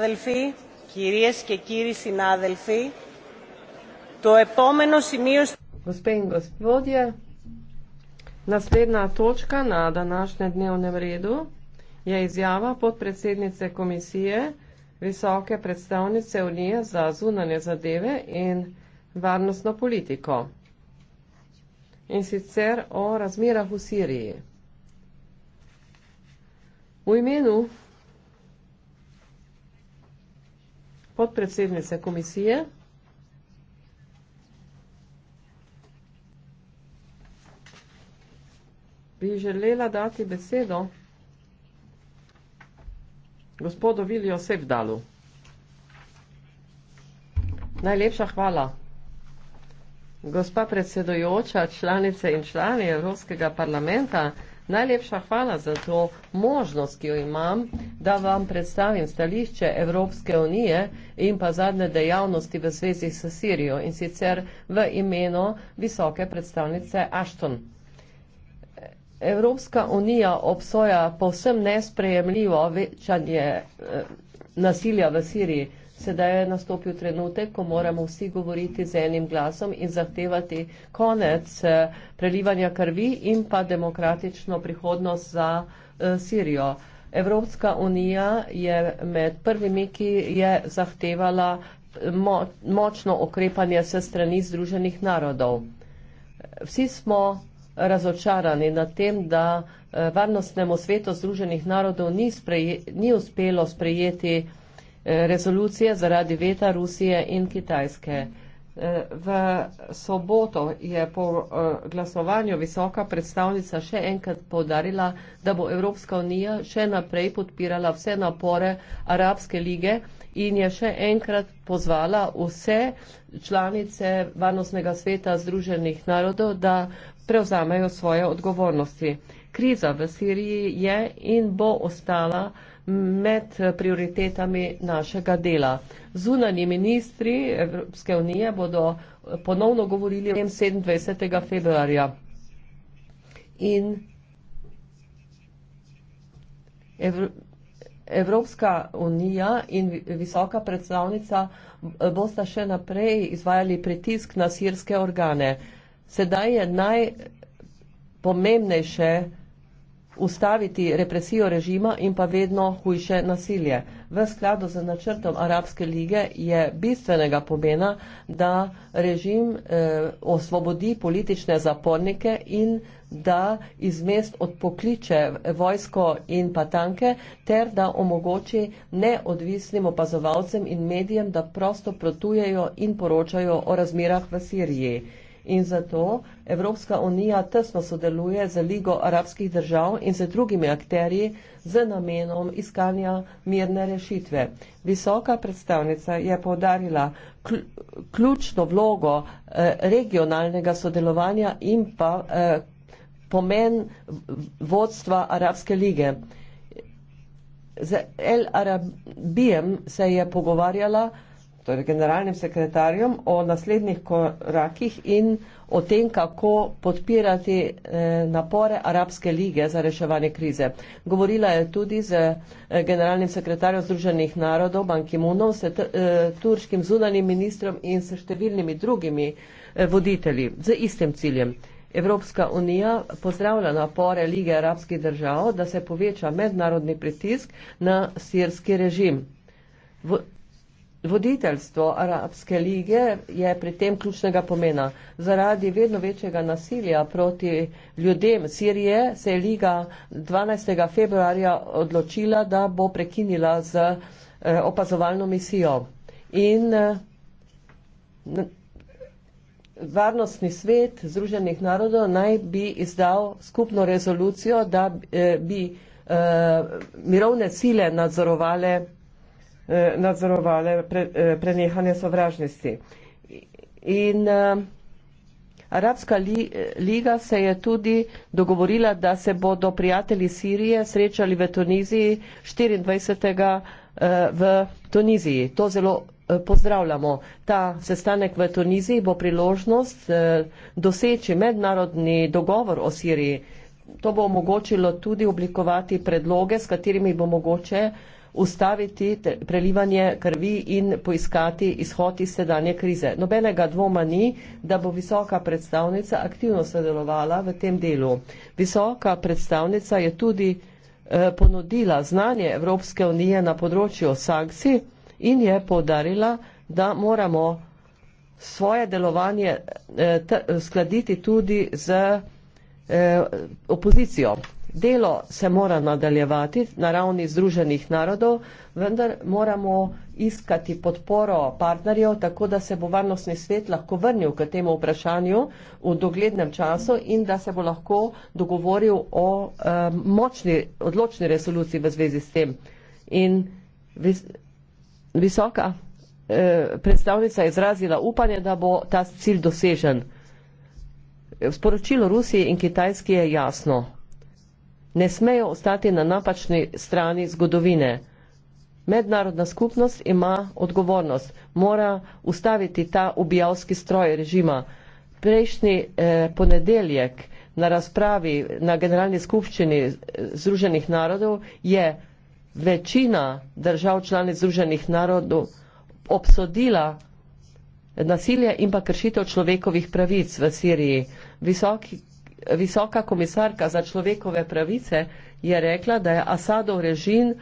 Συνάδελφοι, κυρίες και κύριοι συνάδελφοι, το επόμενο σημείο... Господи и господи, наследна точка на данашне дневне вреду је изјава подпредседнице комисије Високе представнице Унија за зунане задеве и варносно политико. И сицер о размирах у Сирији. У имену podpredsednice komisije. Bi želela dati besedo gospodu Viliju Sevdalu. Najlepša hvala. Gospa predsedojoča, članice in člani Evropskega parlamenta, Najlepša hvala za to možnost, ki jo imam, da vam predstavim stališče Evropske unije in pa zadnje dejavnosti v zvezi s Sirijo in sicer v imenu visoke predstavnice Ashton. Evropska unija obsoja povsem nesprejemljivo večanje eh, nasilja v Siriji. Sedaj je nastopil trenutek, ko moramo vsi govoriti z enim glasom in zahtevati konec eh, prelivanja krvi in pa demokratično prihodnost za eh, Sirijo. Evropska unija je med prvimi, ki je zahtevala eh, močno okrepanje se strani Združenih narodov. Vsi smo razočarani nad tem, da varnostnemu svetu Združenih narodov ni, sprej, ni uspelo sprejeti Eh, resolucije zaradi veta Rusije in Kitajske. Eh, v soboto je po eh, glasovanju visoka predstavnica še enkrat povdarila, da bo Evropska unija še naprej podpirala vse napore Arabske lige in je še enkrat pozvala vse članice Varnostnega sveta Združenih narodov, da prevzamejo svoje odgovornosti. Kriza v Siriji je in bo ostala med prioritetami našega dela. Zunani ministri Evropske unije bodo ponovno govorili o tem 27. februarja. In Evropska unija in visoka predstavnica bosta še naprej izvajali pritisk na sirske organe. Sedaj je najpomembnejše ustaviti represijo režima in pa vedno hujše nasilje. V skladu z načrtom Arabske lige je bistvenega pomena, da režim eh, osvobodi politične zapornike in da iz mest odpokliče vojsko in pa tanke, ter da omogoči neodvisnim opazovalcem in medijem, da prosto protujejo in poročajo o razmerah v Siriji in zato Evropska unija tesno sodeluje z Ligo arabskih držav in z drugimi akterji z namenom iskanja mirne rešitve. Visoka predstavnica je povdarila ključno vlogo eh, regionalnega sodelovanja in pa eh, pomen vodstva Arabske lige. Z El Arabijem se je pogovarjala, torej generalnim sekretarjem, o naslednjih korakih in o tem, kako podpirati eh, napore Arabske lige za reševanje krize. Govorila je tudi z eh, generalnim sekretarjem Združenih narodov, Bankimunov, s eh, turškim zunanim ministrom in s številnimi drugimi voditelji z istim ciljem. Evropska unija pozdravlja napore Lige arabskih držav, da se poveča mednarodni pritisk na sirski režim. V, Voditeljstvo Arabske lige je pri tem ključnega pomena. Zaradi vedno večjega nasilja proti ljudem Sirije se je liga 12. februarja odločila, da bo prekinila z eh, opazovalno misijo. In eh, Varnostni svet Združenih narodov naj bi izdal skupno rezolucijo, da eh, bi mirovne sile nadzorovale Eh, nadzorovale pre, eh, prenehanje sovražnosti. In uh, Arabska li, liga se je tudi dogovorila, da se bodo prijatelji Sirije srečali v Tuniziji 24. v Tuniziji. To zelo pozdravljamo. Ta sestanek v Tuniziji bo priložnost uh, doseči mednarodni dogovor o Siriji. To bo omogočilo tudi oblikovati predloge, s katerimi bo mogoče uh, ustaviti prelivanje krvi in poiskati izhod iz sedanje krize. Nobenega dvoma ni, da bo visoka predstavnica aktivno sodelovala v tem delu. Visoka predstavnica je tudi eh, ponudila znanje Evropske unije na področju sankcij in je podarila, da moramo svoje delovanje eh, skladiti tudi z eh, opozicijo. Delo se mora nadaljevati na ravni Združenih narodov, vendar moramo iskati podporo partnerjev, tako da se bo varnostni svet lahko vrnil k temu vprašanju v doglednem času in da se bo lahko dogovoril o eh, močni, odločni resoluciji v zvezi s tem. In vis, visoka eh, predstavnica je izrazila upanje, da bo ta cilj dosežen. Sporočilo Rusije in Kitajske je jasno ne smejo ostati na napačni strani zgodovine. Mednarodna skupnost ima odgovornost, mora ustaviti ta ubijalski stroj režima. Prejšnji eh, ponedeljek na razpravi na Generalni skupščini eh, Združenih narodov je večina držav članic Združenih narodov obsodila nasilje in pa kršitev človekovih pravic v Siriji. Visoki visoka komisarka za človekove pravice je rekla, da je Asadov režim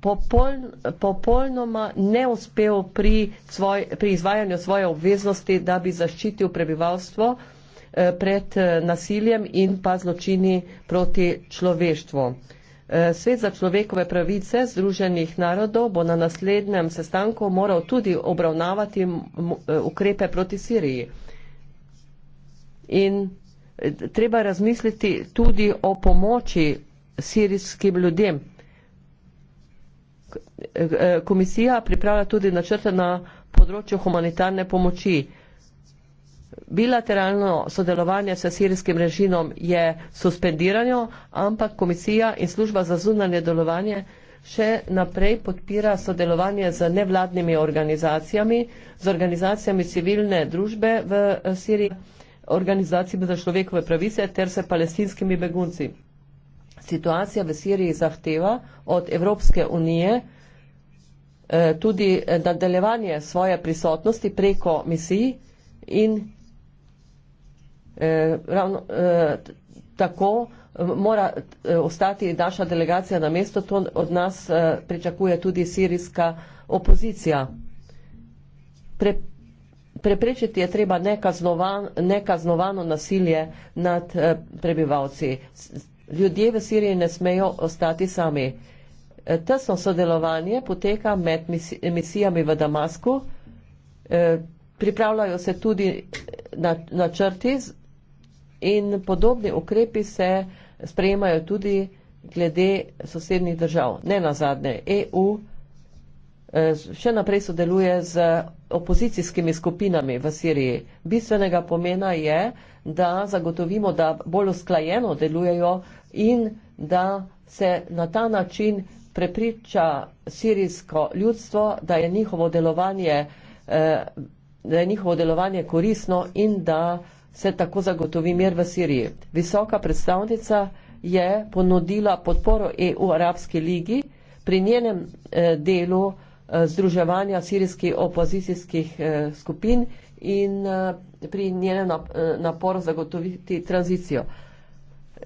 popoln, popolnoma ne uspel pri, svoj, pri izvajanju svoje obveznosti, da bi zaščitil prebivalstvo eh, pred eh, nasiljem in pa zločini proti človeštvu. Eh, Svet za človekove pravice Združenih narodov bo na naslednjem sestanku moral tudi obravnavati ukrepe proti Siriji. In treba razmisliti tudi o pomoči sirijskim ljudem. Komisija pripravlja tudi načrte na področju humanitarne pomoči. Bilateralno sodelovanje s sirijskim režimom je suspendirano, ampak komisija in služba za zunanje delovanje še naprej podpira sodelovanje z nevladnimi organizacijami, z organizacijami civilne družbe v Siriji organizacijami za človekove pravice ter se palestinskimi begunci. Situacija v Siriji zahteva od Evropske unije eh, tudi nadaljevanje svoje prisotnosti preko misij in eh, ravno eh, tako mora ostati naša delegacija na mesto, to od nas pričakuje tudi sirijska opozicija. Pre preprečiti je treba nekaznovan, nekaznovano nasilje nad eh, prebivalci. Ljudje v Siriji ne smejo ostati sami. Eh, tesno sodelovanje poteka med misijami v Damasku. Eh, pripravljajo se tudi načrti in podobni ukrepi se sprejemajo tudi glede sosednjih držav. Ne nazadnje, EU še naprej sodeluje z opozicijskimi skupinami v Siriji. Bistvenega pomena je, da zagotovimo, da bolj usklajeno delujejo in da se na ta način prepriča sirijsko ljudstvo, da je njihovo delovanje, eh, da je njihovo delovanje korisno in da se tako zagotovi mir v Siriji. Visoka predstavnica je ponudila podporo EU Arabski ligi pri njenem eh, delu Eh, združevanja sirijskih opozicijskih eh, skupin in eh, pri njenem naporu zagotoviti tranzicijo.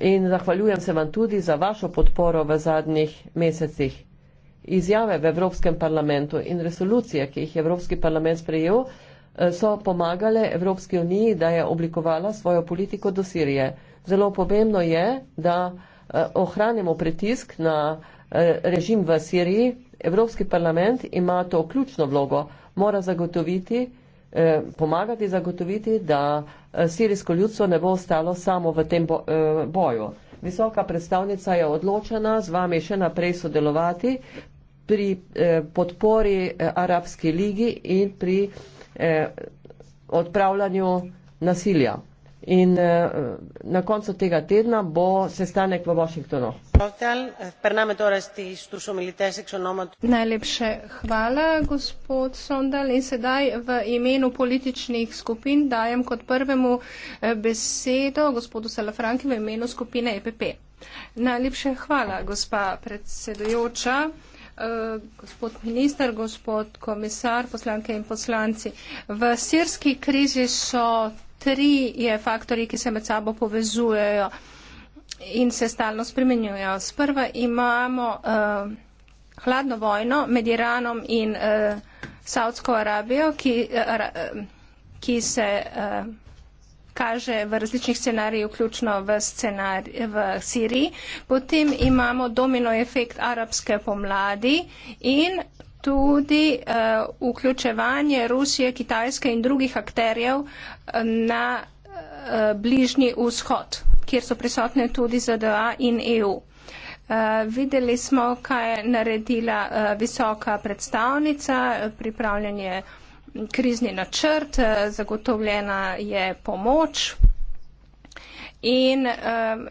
In zahvaljujem se vam tudi za vašo podporo v zadnjih mesecih. Izjave v Evropskem parlamentu in resolucije, ki jih je Evropski parlament sprejel, so pomagale Evropski uniji, da je oblikovala svojo politiko do Sirije. Zelo pomembno je, da ohranimo pritisk na režim v Siriji Evropski parlament ima to ključno vlogo, mora zagotoviti, eh, pomagati zagotoviti, da eh, sirijsko ljudstvo ne bo ostalo samo v tem eh, boju. Visoka predstavnica je odločena z vami še naprej sodelovati pri podpori Arabski ligi in pri odpravljanju nasilja. In eh, na koncu tega tedna bo sestanek v Washingtonu. Torej Najlepše hvala, gospod Sondal. In sedaj v imenu političnih skupin dajem kot prvemu eh, besedo gospodu Salafranki v imenu skupine EPP. Najlepše hvala, gospa predsedujoča. Eh, gospod minister, gospod komisar, poslanke in poslanci. V sirski krizi so tri je faktori, ki se med sabo povezujejo in se stalno spremenjujejo. Sprva imamo uh, hladno vojno med Iranom in uh, eh, Saudsko Arabijo, ki, uh, ki se uh, kaže v različnih scenarijih, vključno v, scenarij, v Siriji. Potem imamo domino efekt arabske pomladi in tudi uh, vključevanje Rusije, Kitajske in drugih akterjev eh, na uh, bližnji vzhod, kjer so prisotne tudi ZDA in EU. Uh, videli smo, kaj je naredila uh, visoka predstavnica, pripravljanje krizni načrt, uh, zagotovljena je pomoč. In, uh,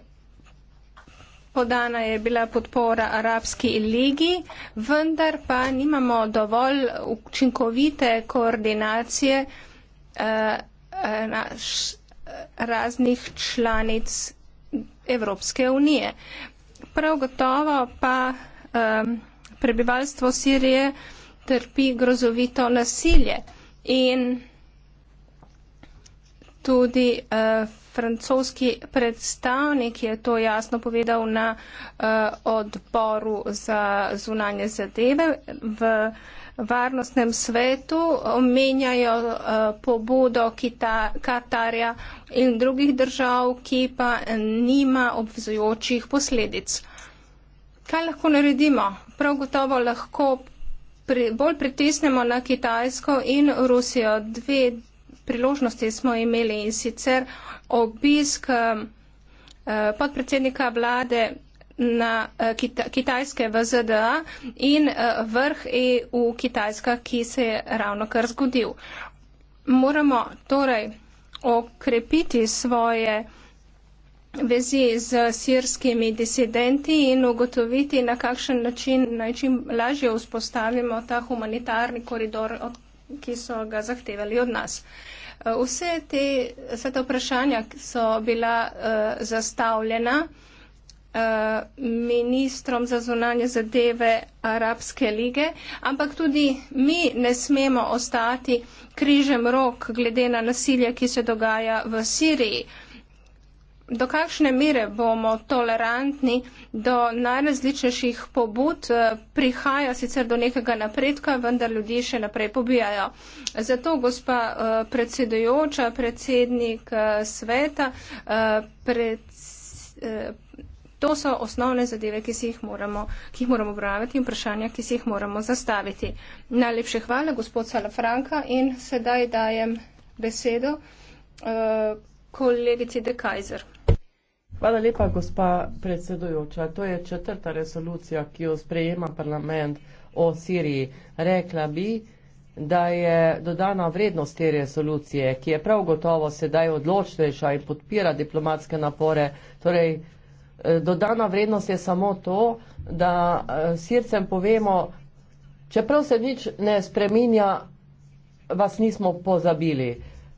Podana je bila podpora Arabski ligi, vendar pa nimamo dovolj učinkovite koordinacije eh, eh, naš, eh, raznih članic Evropske unije. Prav gotovo pa um, prebivalstvo Sirije trpi grozovito nasilje in tudi uh, francoski predstavnik je to jasno povedal na uh, odboru za zunanje zadeve. V varnostnem svetu omenjajo uh, pobudo Kita Katarja in drugih držav, ki pa nima obvzujočih posledic. Kaj lahko naredimo? Prav gotovo lahko pri, bolj pritisnemo na Kitajsko in Rusijo. Dve priložnosti smo imeli in sicer obisk eh, podpredsednika vlade na eh, Kitajske v ZDA in eh, vrh EU Kitajska, ki se je ravno kar zgodil. Moramo torej okrepiti svoje vezi z sirskimi disidenti in ugotoviti, na kakšen način najčim lažje vzpostavimo ta humanitarni koridor, ki so ga zahtevali od nas. Vse te, vse te vprašanja so bila uh, zastavljena uh, ministrom za zunanje zadeve Arabske lige, ampak tudi mi ne smemo ostati križem rok glede na nasilje, ki se dogaja v Siriji. Uh, do kakšne mere bomo tolerantni do najrazličnejših pobud, eh, prihaja sicer do nekega napredka, vendar ljudi še naprej pobijajo. Zato, gospa eh, predsedujoča, predsednik eh, sveta, to so osnovne zadeve, ki, jih moramo, ki jih moramo obravnavati in vprašanja, ki si jih moramo zastaviti. Najlepše hvala, gospod Salafranka, in sedaj dajem besedo kolegici De Kaiser. Hvala lepa, gospa predsedujoča. To je četrta resolucija, ki jo sprejema parlament o Siriji. Rekla bi, da je dodana vrednost te resolucije, ki je prav gotovo sedaj odločnejša in podpira diplomatske napore. Torej, eh, dodana vrednost je samo to, da eh, Sircem povemo, čeprav se nič ne spreminja, vas nismo pozabili.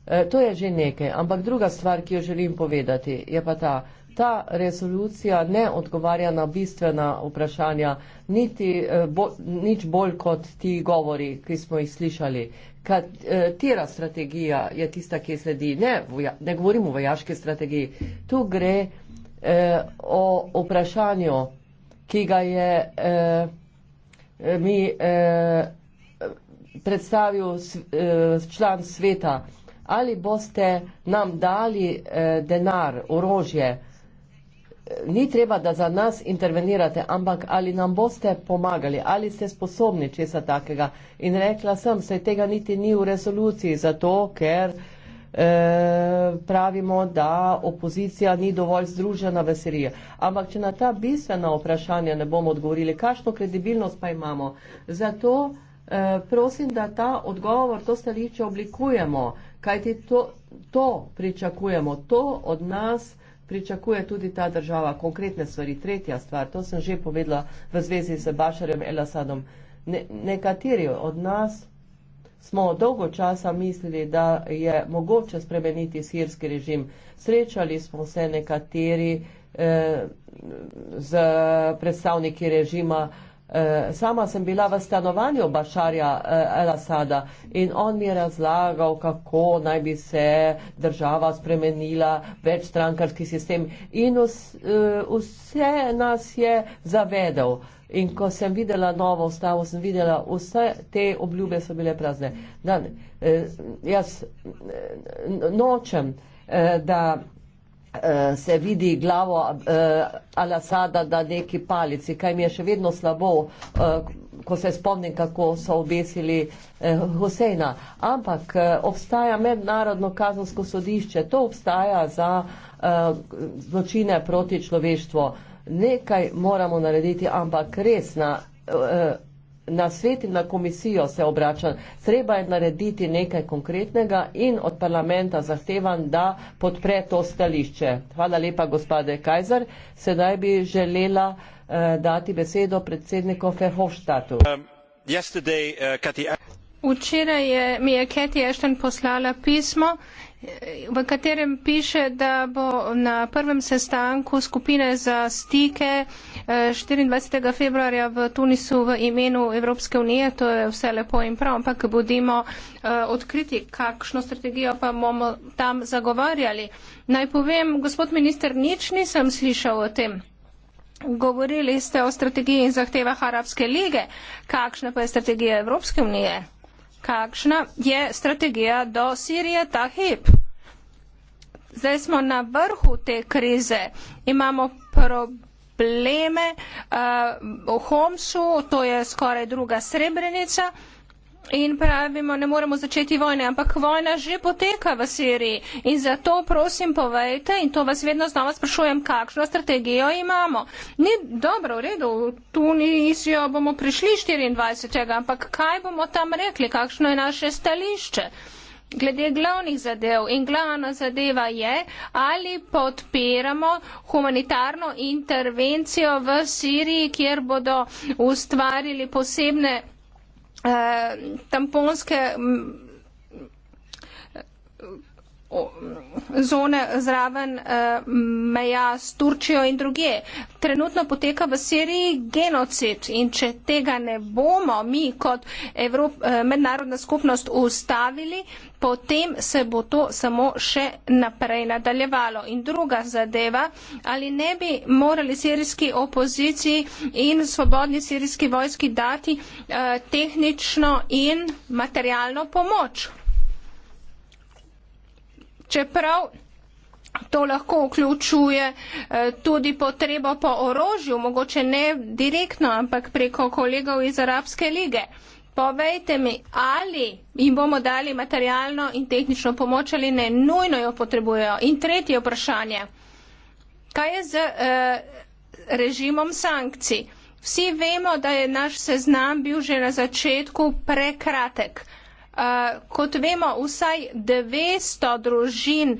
Eh, to je že nekaj, ampak druga stvar, ki jo želim povedati, je pa ta, ta resolucija ne odgovarja na bistvena vprašanja, niti, eh, bo, nič bolj kot ti govori, ki smo jih slišali. Katera eh, strategija je tista, ki sledi? Ne, ne govorimo o vojaški strategiji. Tu gre eh, o vprašanju, ki ga je eh, mi eh, predstavil eh, član sveta. Ali boste nam dali eh, denar, orožje, ni treba, da za nas intervenirate, ampak ali nam boste pomagali, ali ste sposobni česa takega. In rekla sem, se tega niti ni v resoluciji, zato ker eh, pravimo, da opozicija ni dovolj združena v Siriji. Ampak, če na ta bistvena vprašanja ne bomo odgovorili, kakšno kredibilnost pa imamo? Zato eh, prosim, da ta odgovor, to stališče oblikujemo, kajti to, to pričakujemo, to od nas eh, pričakuje tudi ta država konkretne stvari. Tretja stvar, to sem že povedala v zvezi s Bašarjem Elasadom. Ne, nekateri od nas smo dolgo časa mislili, da je mogoče spremeniti sirski režim. Srečali smo se nekateri eh, z predstavniki režima eh, Eh, sama sem bila v stanovanju Bašarja Elasada eh, in on mi je razlagal, kako naj bi se država spremenila, več strankarski sistem in eh, vse nas je zavedel. In ko sem videla novo ustavo, sem videla, vse te obljube so bile prazne. Dan, jaz nočem, da. Eh, se vidi glavo uh, eh, Al-Asada, da neki palici, kaj mi je še vedno slabo, uh, ko se spomnim, kako so obesili uh, Huseina. Ampak uh, obstaja mednarodno kazansko sodišče, to obstaja za uh, zločine proti človeštvu. Nekaj moramo narediti, ampak res na. Uh, na svet in na komisijo se obrača. Treba je narediti nekaj konkretnega in od parlamenta zahtevan, da podpre to stališče. Hvala lepa, gospode Kajzer. Sedaj bi želela uh, dati besedo predsedniku Ferhofstatu. Um, uh, Včeraj je, mi je Keti Ešten poslala pismo v katerem piše, da bo na prvem sestanku skupine za stike 24. Eh, februarja v Tunisu v imenu Evropske unije, to je vse lepo in prav, ampak bodimo eh, odkriti, kakšno strategijo pa bomo tam zagovarjali. Naj povem, gospod minister, nič nisem slišal o tem. Govorili ste o strategiji in zahtevah Arabske lige. Kakšna pa je strategija Evropske unije? kakšna je strategija do Sirije ta hip. Zdaj smo na vrhu te krize, imamo probleme uh, v Homsu, to je skoraj druga srebrenica in pravimo, ne moremo začeti vojne, ampak vojna že poteka v Siriji in zato prosim povejte in to vas vedno znova sprašujem, kakšno strategijo imamo. Ni dobro, v redu, v Tunisijo bomo prišli 24. ampak kaj bomo tam rekli, kakšno je naše stališče? Glede glavnih zadev in glavna zadeva je, ali podpiramo humanitarno intervencijo v Siriji, kjer bodo ustvarili posebne Eh, tamponske zone zraven eh, meja s Turčijo in druge. Trenutno poteka v Siriji genocid in če tega ne bomo mi kot Evrop, eh, mednarodna skupnost ustavili, potem se bo to samo še naprej nadaljevalo. In druga zadeva, ali ne bi morali sirijski opoziciji in svobodni sirijski vojski dati eh, tehnično in materialno pomoč? čeprav to lahko vključuje eh, tudi potrebo po orožju, mogoče ne direktno, ampak preko kolegov iz Arabske lige. Povejte mi, ali jim bomo dali materialno in tehnično pomoč ali ne, nujno jo potrebujejo. In tretje vprašanje, kaj je z uh, režimom sankcij? Vsi vemo, da je naš seznam bil že na začetku prekratek. Uh, Eh, kot vemo, vsaj 900 družin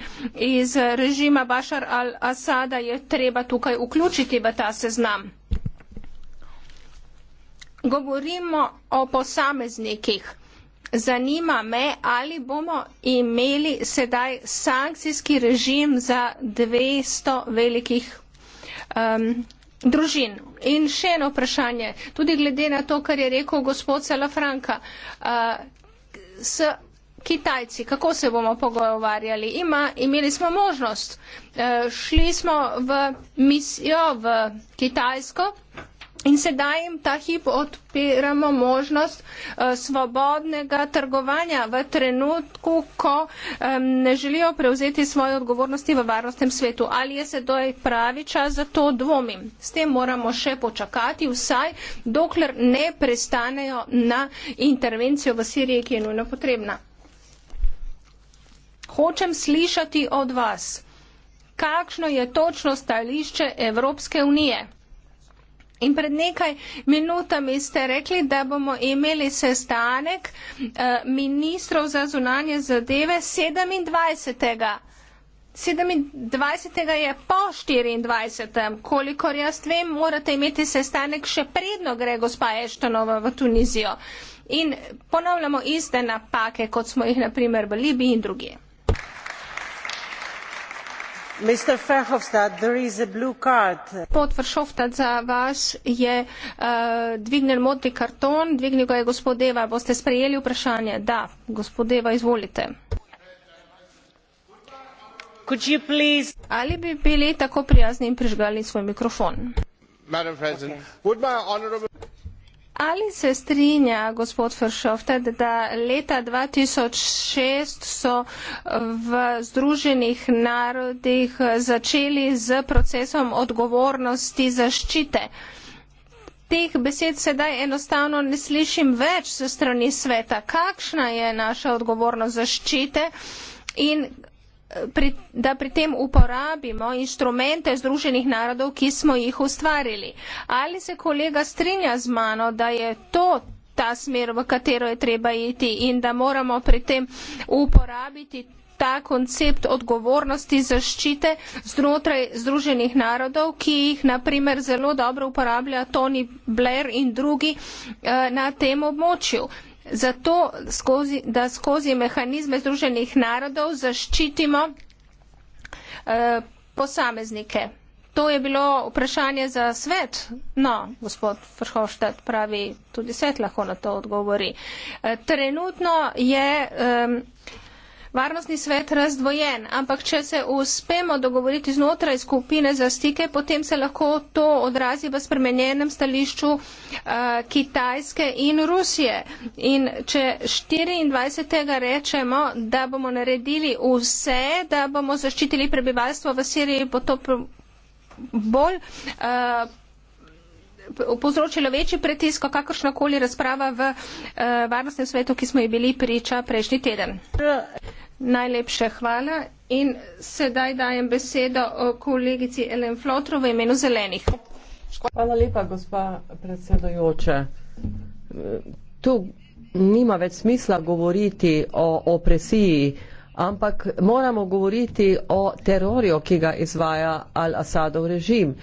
iz režima Bašar al-Asada je treba tukaj vključiti v ta seznam. Govorimo o posameznikih. Zanima me, ali bomo imeli sedaj sankcijski režim za 200 velikih um, družin. In še eno vprašanje, tudi glede na to, kar je rekel gospod Salafranka. Uh, s Kitajci, kako se bomo pogovarjali? Ima, imeli smo možnost, e, šli smo v misijo v Kitajsko, In sedaj jim ta hip odpiramo možnost uh, svobodnega trgovanja v trenutku, ko um, ne želijo prevzeti svoje odgovornosti v varnostnem svetu. Ali je sedaj pravi čas za to dvomim? S tem moramo še počakati, vsaj dokler ne prestanejo na intervencijo v Siriji, ki je nujno potrebna. Hočem slišati od vas, kakšno je točno stališče Evropske unije. In pred nekaj minutami ste rekli, da bomo imeli sestanek eh, ministrov za zunanje zadeve 27. 27. je po 24. Kolikor jaz vem, morate imeti sestanek še predno gre gospa Eštonova v Tunizijo. In ponavljamo iste napake, kot smo jih naprimer v Libiji in drugje gospod Verhofstadt za vas je uh, dvignil modri karton, dvignil ga je gospod Deva. Boste sprejeli vprašanje? Da, gospod Deva, izvolite. Ali bi bili tako prijazni in prižgali svoj mikrofon? Ali se strinja gospod Fršoftet, da leta 2006 so v Združenih narodih začeli z procesom odgovornosti zaščite? Teh besed sedaj enostavno ne slišim več z strani sveta. Kakšna je naša odgovornost zaščite in pri, da pri tem uporabimo instrumente Združenih narodov, ki smo jih ustvarili. Ali se kolega strinja z mano, da je to ta smer, v katero je treba iti in da moramo pri tem uporabiti ta koncept odgovornosti zaščite znotraj Združenih narodov, ki jih naprimer zelo dobro uporablja Tony Blair in drugi eh, na tem območju zato skozi, da skozi mehanizme Združenih narodov zaščitimo eh, posameznike. To je bilo vprašanje za svet. No, gospod Vrhovštad pravi, tudi svet lahko na to odgovori. Eh, trenutno je eh, varnostni svet razdvojen, ampak če se uspemo dogovoriti znotraj skupine za stike, potem se lahko to odrazi v spremenjenem stališču uh, Kitajske in Rusije. In če 24. rečemo, da bomo naredili vse, da bomo zaščitili prebivalstvo v Siriji, bo to bolj. Uh, povzročilo večji pritisk, kakršnakoli razprava v uh, varnostnem svetu, ki smo ji bili priča prejšnji teden. Najlepša hvala in sedaj dajem besedo kolegici Ellen Flotro v imenu zelenih. Hvala lepa, gospa predsedojoče. Tu nima več smisla govoriti o opresiji, ampak moramo govoriti o terorju, ki ga izvaja Al-Asadov režim.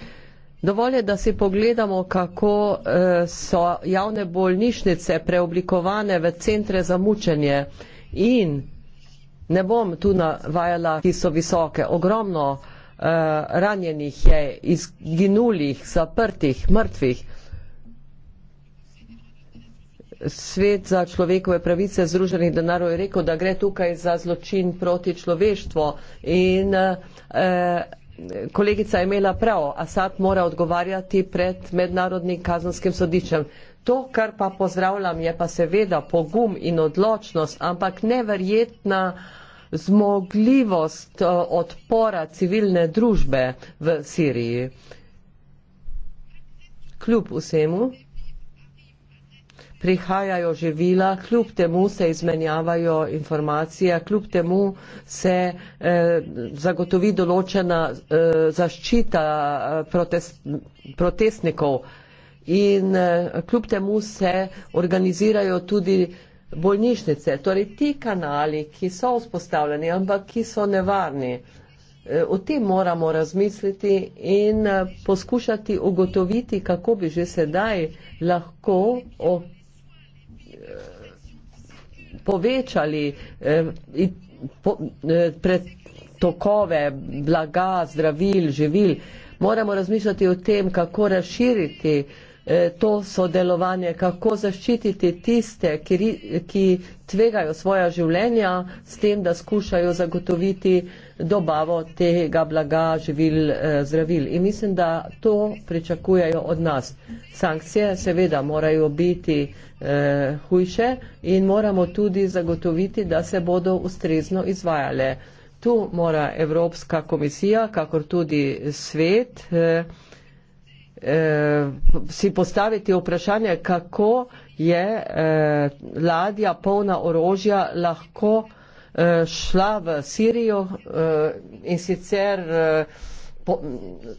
Dovolj je, da si pogledamo, kako e, so javne bolnišnice preoblikovane v centre za mučenje in Ne bom tu navajala, ki so visoke. Ogromno uh, ranjenih je, izginulih, zaprtih, mrtvih. Svet za človekove pravice Združenih denarov je rekel, da gre tukaj za zločin proti človeštvu. In uh, kolegica je imela prav, Asad mora odgovarjati pred mednarodnim kazanskim sodiščem. To, kar pa pozdravljam, je pa seveda pogum in odločnost, ampak neverjetna uh, zmogljivost eh, odpora civilne družbe v Siriji. Kljub vsemu prihajajo živila, kljub temu se izmenjavajo informacije, kljub temu se eh, zagotovi določena eh, zaščita eh, protest, protestnikov in eh, kljub temu se organizirajo tudi eh, bolnišnice, torej ti kanali, ki so vzpostavljeni, ampak ki so nevarni. Eh, o tem moramo razmisliti in eh, poskušati ugotoviti, kako bi že sedaj lahko o, eh, povečali po, tokove blaga, zdravil, živil. Moramo razmišljati o tem, kako razširiti eh, Eh, to sodelovanje, kako zaščititi tiste, ki, ki tvegajo svoja življenja s tem, da skušajo zagotoviti dobavo tega blaga, živil, eh, zdravil. In mislim, da to pričakujejo od nas. Sankcije seveda morajo biti eh, hujše in moramo tudi zagotoviti, da se bodo ustrezno izvajale. Tu mora Evropska komisija, kakor tudi svet, eh, eh, si postaviti vprašanje, kako je eh, ladja polna orožja lahko eh, šla v Sirijo eh, in sicer eh, po,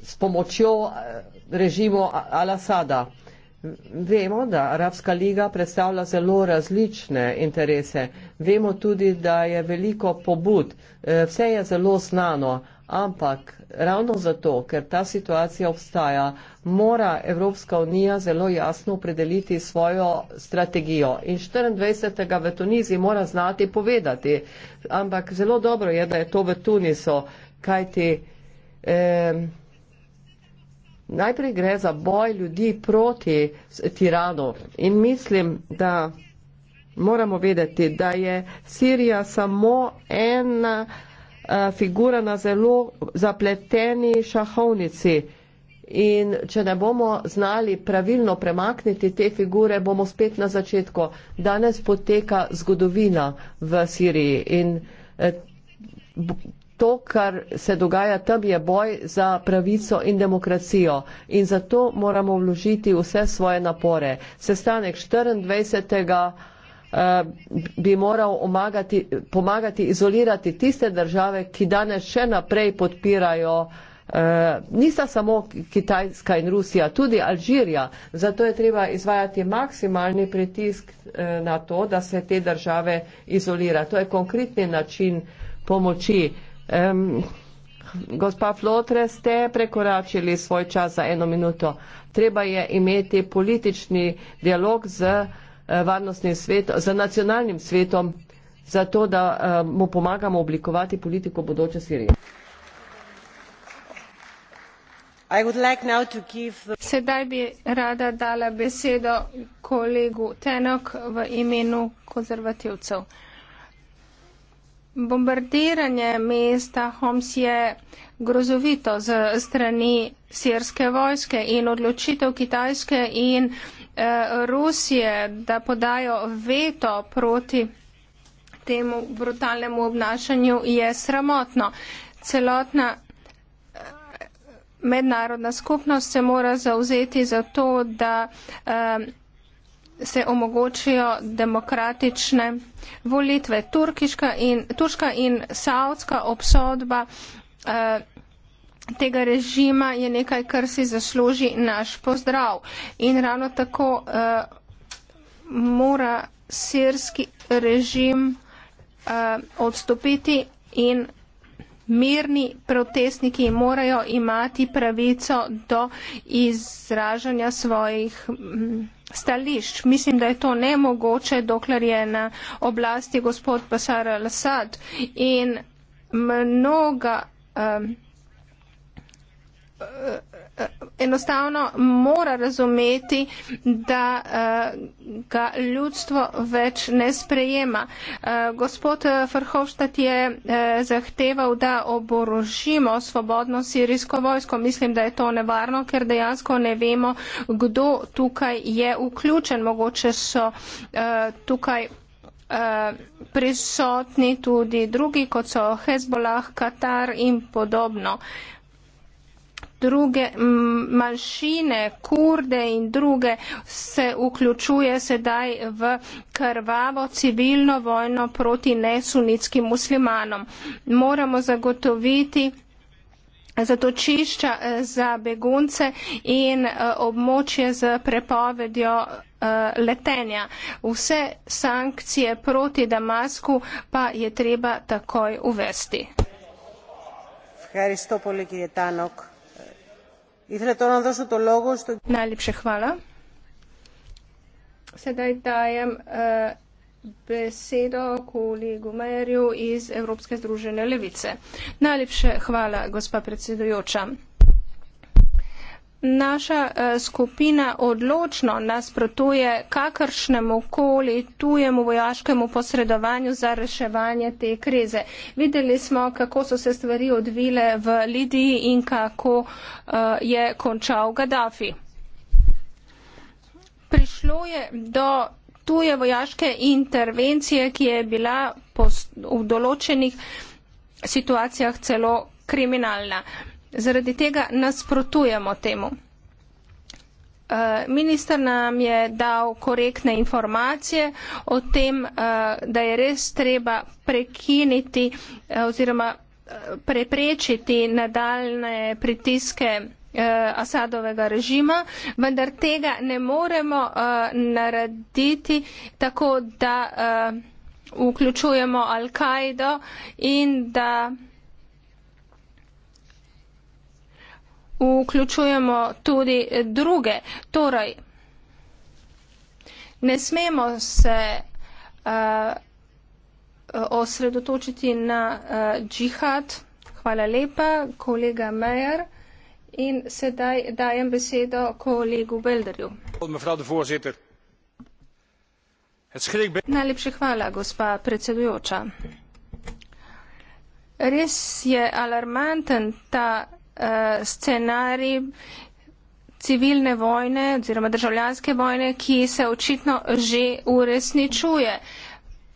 s pomočjo eh, režimu Al-Asada. Vemo, da Arabska liga predstavlja zelo različne interese. Vemo tudi, da je veliko pobud. Eh, vse je zelo znano, Ampak ravno zato, ker ta situacija obstaja, mora Evropska unija zelo jasno opredeliti svojo strategijo. In 24. v Tuniziji mora znati povedati. Ampak zelo dobro je, da je to v Tunisu, kajti eh, najprej gre za boj ljudi proti tiranu. In mislim, da. Moramo vedeti, da je Sirija samo ena Eh, figura na zelo zapleteni šahovnici. In če ne bomo znali pravilno premakniti te figure, bomo spet na začetku. Danes poteka zgodovina v Siriji in eh, to, kar se dogaja tam, je boj za pravico in demokracijo. In zato moramo vložiti vse svoje napore. Sestanek 24 bi moral omagati, pomagati izolirati tiste države, ki danes še naprej podpirajo eh, Nista samo Kitajska in Rusija, tudi Alžirija. Zato je treba izvajati maksimalni pritisk eh, na to, da se te države izolira. To je konkretni način pomoči. Um, gospa Flotre, ste prekoračili svoj čas za eno minuto. Treba je imeti politični dialog z. Eh, varnostnim svetom, za nacionalnim svetom, za to, da eh, mu pomagamo oblikovati politiko bodoče Sirije. Sedaj bi rada dala besedo kolegu Tenok v imenu konzervativcev. Bombardiranje mesta Homs je grozovito z strani sirske vojske in odločitev kitajske in uh, Eh, Rusije, da podajo veto proti temu brutalnemu obnašanju, je sramotno. Celotna eh, mednarodna skupnost se mora zauzeti za to, da eh, se omogočijo demokratične volitve. In, turška in saudska obsodba eh, tega režima je nekaj, kar si zasluži naš pozdrav. In ravno tako uh, mora sirski režim uh, odstopiti in mirni protestniki morajo imati pravico do izražanja svojih mm, stališč. Mislim, da je to nemogoče, dokler je na oblasti gospod Basar al-Assad in mnoga. Um, enostavno mora razumeti, da eh, ga ljudstvo več ne sprejema. Eh, gospod Frhovštat eh, je zahteval, da oborožimo svobodno sirijsko vojsko. Mislim, da je to nevarno, ker dejansko ne vemo, kdo tukaj je vključen. Mogoče so tukaj prisotni tudi drugi, kot so Hezbolah, Katar in podobno druge manjšine, kurde in druge, se vključuje sedaj v krvavo civilno vojno proti nesunitskim muslimanom. Moramo zagotoviti zatočišča eh, za begunce in eh, območje z prepovedjo eh, letenja. Vse sankcije proti Damasku pa je treba takoj uvesti. Heristopoli, ki je ta nok. Najlepša hvala. Sedaj dajem eh, besedo kolegu Merju iz Evropske združene levice. Najlepša hvala, gospa predsedujoča. Naša eh, skupina odločno nasprotuje kakršnemu koli tujemu vojaškemu posredovanju za reševanje te krize. Videli smo, kako so se stvari odvile v Lidiji in kako eh, je končal Gaddafi. Prišlo je do tuje vojaške intervencije, ki je bila v določenih situacijah celo kriminalna. Zaradi tega nasprotujemo temu. Eh, minister nam je dal korektne informacije o tem, eh, da je res treba prekiniti eh, oziroma preprečiti nadaljne pritiske Asadovega režima, vendar tega ne moremo narediti tako, da vključujemo Al-Kaido in da vključujemo tudi druge. Torej, ne smemo se uh, osredotočiti na uh, džihad. Hvala lepa, kolega Mejer. In sedaj dajem besedo kolegu Belderju. Najlepša hvala, gospa predsedujoča. Res je alarmanten ta uh, scenarij civilne vojne oziroma državljanske vojne, ki se očitno že uresničuje.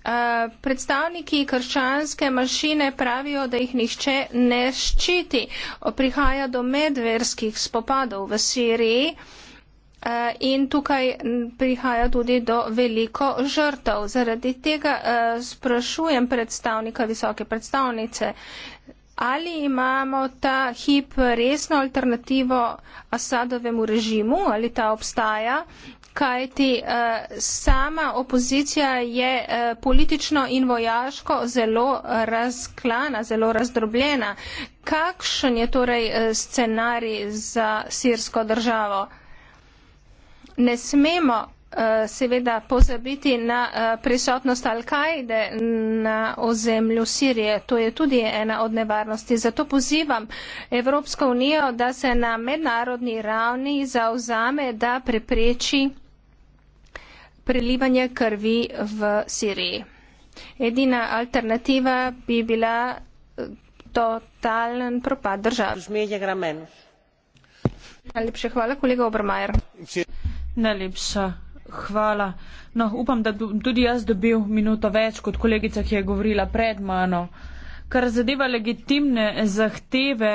Eh, predstavniki krščanske manjšine pravijo, da jih nihče ne ščiti. Prihaja do medverskih spopadov v Siriji eh, in tukaj prihaja tudi do veliko žrtev. Zaradi tega sprašujem predstavnika visoke predstavnice, Ali imamo ta hip resno alternativo Asadovemu režimu, ali ta obstaja? Kajti eh, sama opozicija je eh, politično in vojaško zelo razklana, zelo razdrobljena. Kakšen je torej eh, scenarij za sirsko državo? Ne smemo Eh, seveda pozabiti na eh, prisotnost Al-Kaide na ozemlju Sirije. To je tudi ena od nevarnosti. Zato pozivam Evropsko unijo, da se na mednarodni ravni zauzame, da prepreči prelivanje krvi v Siriji. Edina alternativa bi bila eh, totalen propad države. Najlepša hvala, kolega Obermajer. Najlepša Hvala. No, upam, da bom tudi jaz dobil minuto več kot kolegica, ki je govorila pred mano. Kar zadeva legitimne zahteve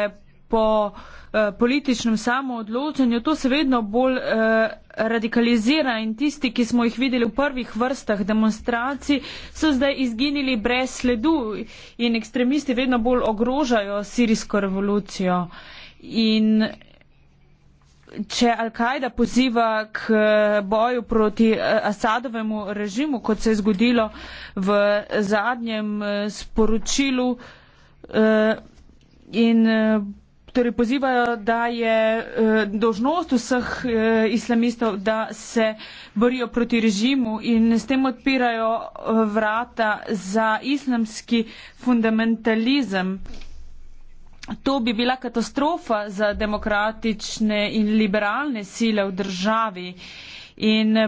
po eh, političnem samoodločanju, to se vedno bolj eh, radikalizira in tisti, ki smo jih videli v prvih vrstah demonstracij, so zdaj izginili brez sledu in ekstremisti vedno bolj ogrožajo sirijsko revolucijo. In če Al-Kaida poziva k eh, boju proti eh, Asadovemu režimu, kot se je zgodilo v zadnjem eh, sporočilu in torej pozivajo, da je dožnost vseh islamistov, da se borijo proti režimu in s tem odpirajo vrata za islamski fundamentalizem. To bi bila katastrofa za demokratične in liberalne sile v državi in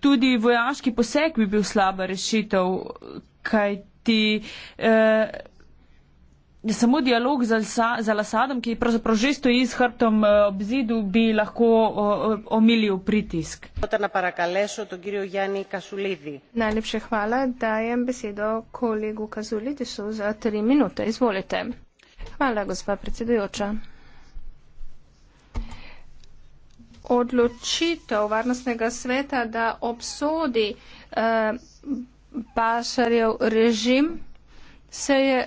tudi vojaški poseg bi bil slaba rešitev, kaj ti eh, samo dialog za, za Lasadom, ki pravzaprav že stoji s hrbtom eh, ob zidu, bi lahko eh, omilil pritisk. Najlepše hvala, dajem besedo kolegu Kazulidisu za tri minute. Izvolite. Hvala, gospa predsedujoča. Odločitev Varnostnega sveta, da obsodi eh, Bašarjev režim, se je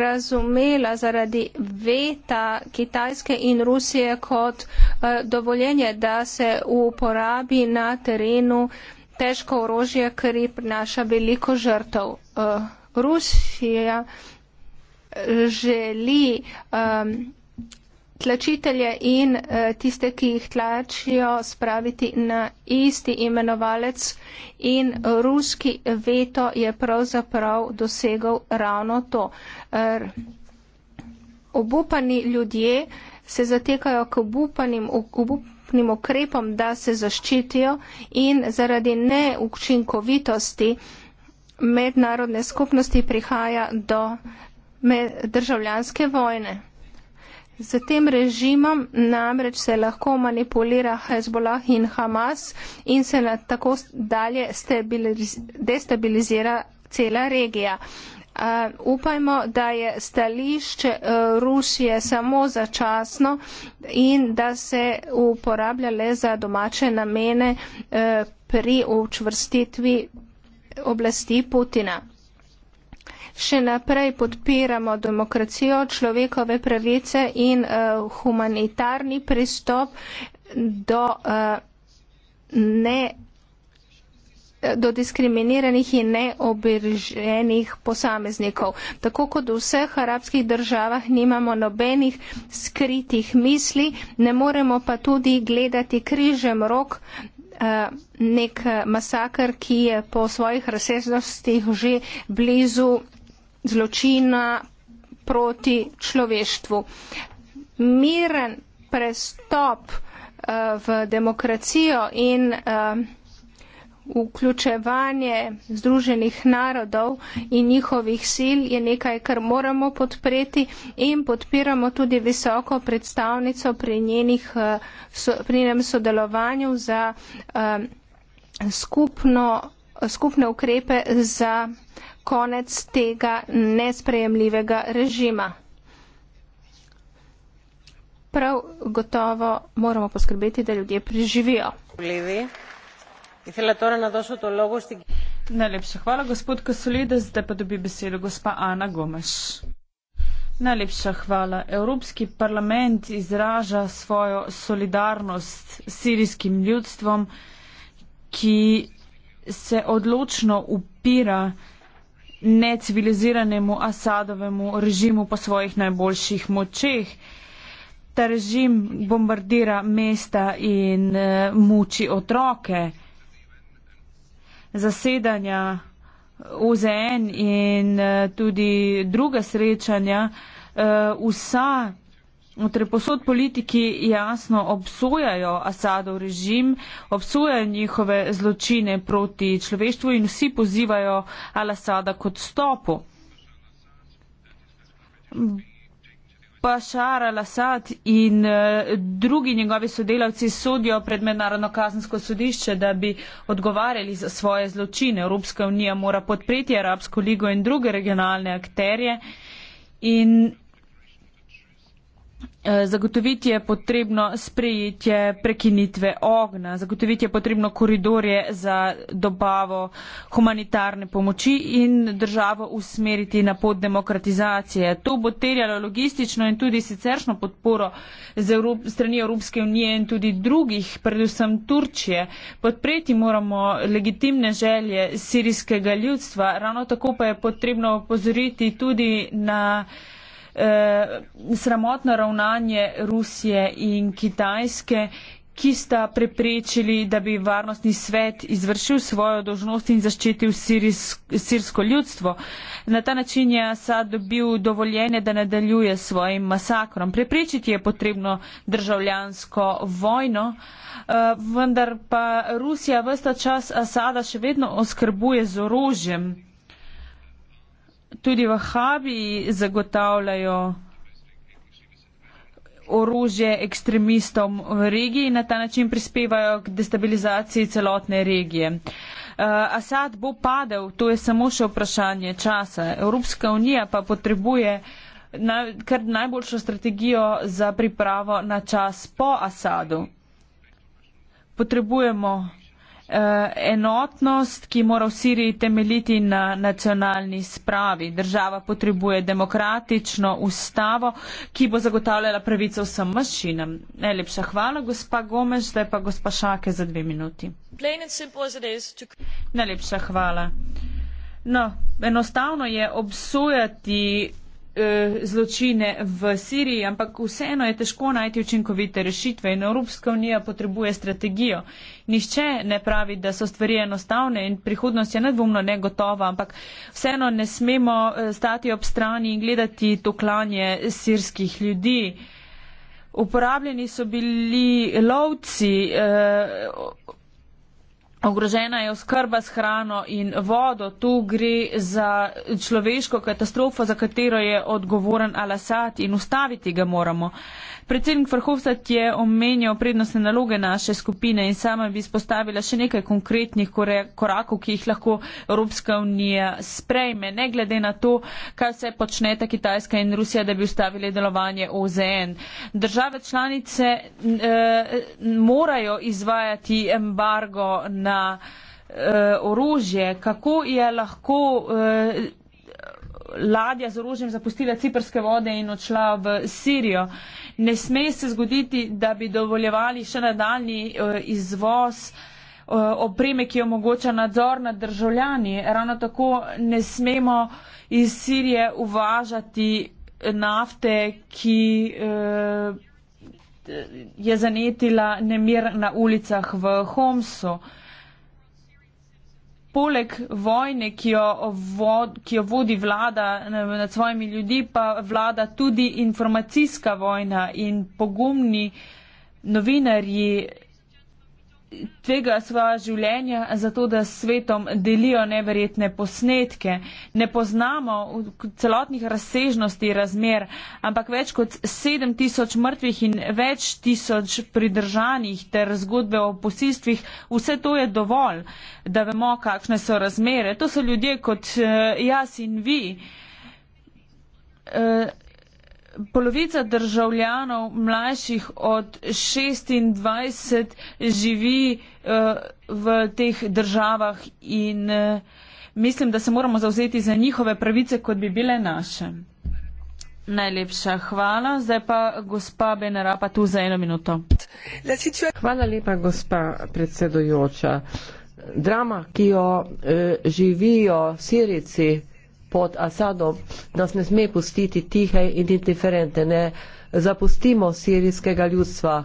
razumela zaradi veta Kitajske in Rusije kot eh, dovoljenje, da se uporabi na terenu težko orožje, ker prinaša veliko žrtev. Eh, Rusija eh, želi um, tlačitelje in uh, tiste, ki jih tlačijo, spraviti na isti imenovalec. In ruski veto je pravzaprav dosegal ravno to. Er, obupani ljudje se zatekajo k obupanim. Obup ukrepom, da se zaščitijo in zaradi neučinkovitosti mednarodne skupnosti prihaja do državljanske vojne. Z tem režimom namreč se lahko manipulira Hezbollah in Hamas in se na tako dalje destabilizira cela regija. Uh, upajmo, da je stališče uh, Rusije samo začasno in da se uporablja le za domače namene uh, pri učvrstitvi oblasti Putina še naprej podpiramo demokracijo, človekove pravice in uh, humanitarni pristop do, uh, ne, do diskriminiranih in neobirženih posameznikov. Tako kot v vseh arabskih državah nimamo nobenih skritih misli, ne moremo pa tudi gledati križem rok eh, nek masakr, ki je po svojih razsežnostih že blizu zločina proti človeštvu. Miren prestop eh, v demokracijo in eh, vključevanje združenih narodov in njihovih sil je nekaj, kar moramo podpreti in podpiramo tudi visoko predstavnico pri, njenih, eh, pri njenem sodelovanju za skupno, skupne ukrepe za konec tega nesprejemljivega režima. Prav gotovo moramo poskrbeti, da ljudje preživijo. Torej, Najlepša hvala, gospod Kasolides, zdaj pa dobi besedo gospa Ana Gomes. Najlepša hvala. Evropski parlament izraža svojo solidarnost s sirijskim ljudstvom, ki se odločno upira neciviliziranemu Asadovemu režimu po svojih najboljših močeh. Ta režim bombardira mesta in e, muči otroke. Zasedanja UZN in e, tudi druga srečanja, e, vsa Treposod politiki jasno obsojajo Asadov režim, obsojajo njihove zločine proti človeštvu in vsi pozivajo Al-Asada kot stopu. Bašar Al-Asad in eh, drugi njegovi sodelavci sodijo pred mednarodno kazensko sodišče, da bi odgovarjali za svoje zločine. Evropska unija mora podpreti Arabsko ligo in druge regionalne akterje. In Eh, zagotoviti je potrebno sprejetje prekinitve ogna, zagotoviti je potrebno koridorje za dobavo humanitarne pomoči in državo usmeriti na pot demokratizacije. To bo terjalo logistično in tudi siceršno podporo z Evrop strani Evropske unije in tudi drugih, predvsem Turčije. Podpreti moramo legitimne želje sirijskega ljudstva, ravno tako pa je potrebno opozoriti tudi na eh, sramotno ravnanje Rusije in Kitajske, ki sta preprečili, da bi varnostni svet izvršil svojo dožnost in zaščitil sirijs, sirsko ljudstvo. Na ta način je Asad dobil dovoljenje, da nadaljuje svojim masakrom. Preprečiti je potrebno državljansko vojno, eh, vendar pa Rusija vsta čas Asada še vedno oskrbuje z orožjem tudi vahabi zagotavljajo orožje ekstremistom v regiji in na ta način prispevajo k destabilizaciji celotne regije. Uh, Asad bo padel, to je samo še vprašanje časa. Evropska unija pa potrebuje na, kar najboljšo strategijo za pripravo na čas po Asadu. Potrebujemo Eh, enotnost, ki mora v Siriji temeljiti na nacionalni spravi. Država potrebuje demokratično ustavo, ki bo zagotavljala pravico vsem mašinam. Najlepša hvala, gospa Gomez, zdaj pa gospa Šake za dve minuti. Najlepša hvala. No, enostavno je obsojati Eh, zločine v Siriji, ampak vseeno je težko najti učinkovite rešitve in Evropska unija potrebuje strategijo. Nišče ne pravi, da so stvari enostavne in prihodnost je nedvomno negotova, ampak vseeno ne smemo eh, stati ob strani in gledati to klanje sirskih ljudi. Uporabljeni so bili lovci. Eh, Ogrožena je oskrba s hrano in vodo. Tu gre za človeško katastrofo, za katero je odgovoren Al-Assad in ustaviti ga moramo. Predsednik Vrhovstad je omenjal prednostne naloge naše skupine in sama bi spostavila še nekaj konkretnih korakov, ki jih lahko Evropska unija sprejme, ne glede na to, kaj se počneta Kitajska in Rusija, da bi ustavili delovanje OZN. Države članice eh, morajo izvajati embargo na e, orožje, kako je lahko e, ladja z orožjem zapustila ciperske vode in odšla v Sirijo. Ne sme se zgoditi, da bi dovoljevali še nadaljni eh, izvoz eh, opreme, ki omogoča nadzor nad državljani. Ravno tako ne smemo iz Sirije uvažati nafte, ki eh, je zanetila nemir na ulicah v Homsu poleg vojne, ki jo, vo, ki jo vodi vlada nad svojimi ljudmi, pa vlada tudi informacijska vojna in pogumni novinarji tvega svoja življenja, zato da s svetom delijo neverjetne posnetke. Ne poznamo celotnih razsežnosti razmer, ampak več kot 7000 mrtvih in več tisoč pridržanih ter zgodbe o posilstvih, vse to je dovolj, da vemo, kakšne so razmere. To so ljudje kot eh, jaz in vi. Eh, polovica državljanov mlajših od 26 živi eh, v teh državah in eh, mislim, da se moramo zauzeti za njihove pravice, kot bi bile naše. Najlepša hvala. Zdaj pa gospa Benerapa tu za eno minuto. Hvala lepa, gospa predsedojoča. Drama, ki jo eh, živijo sirici, pod Asadom, nas ne sme pustiti tihe in indiferente, ne zapustimo sirijskega ljudstva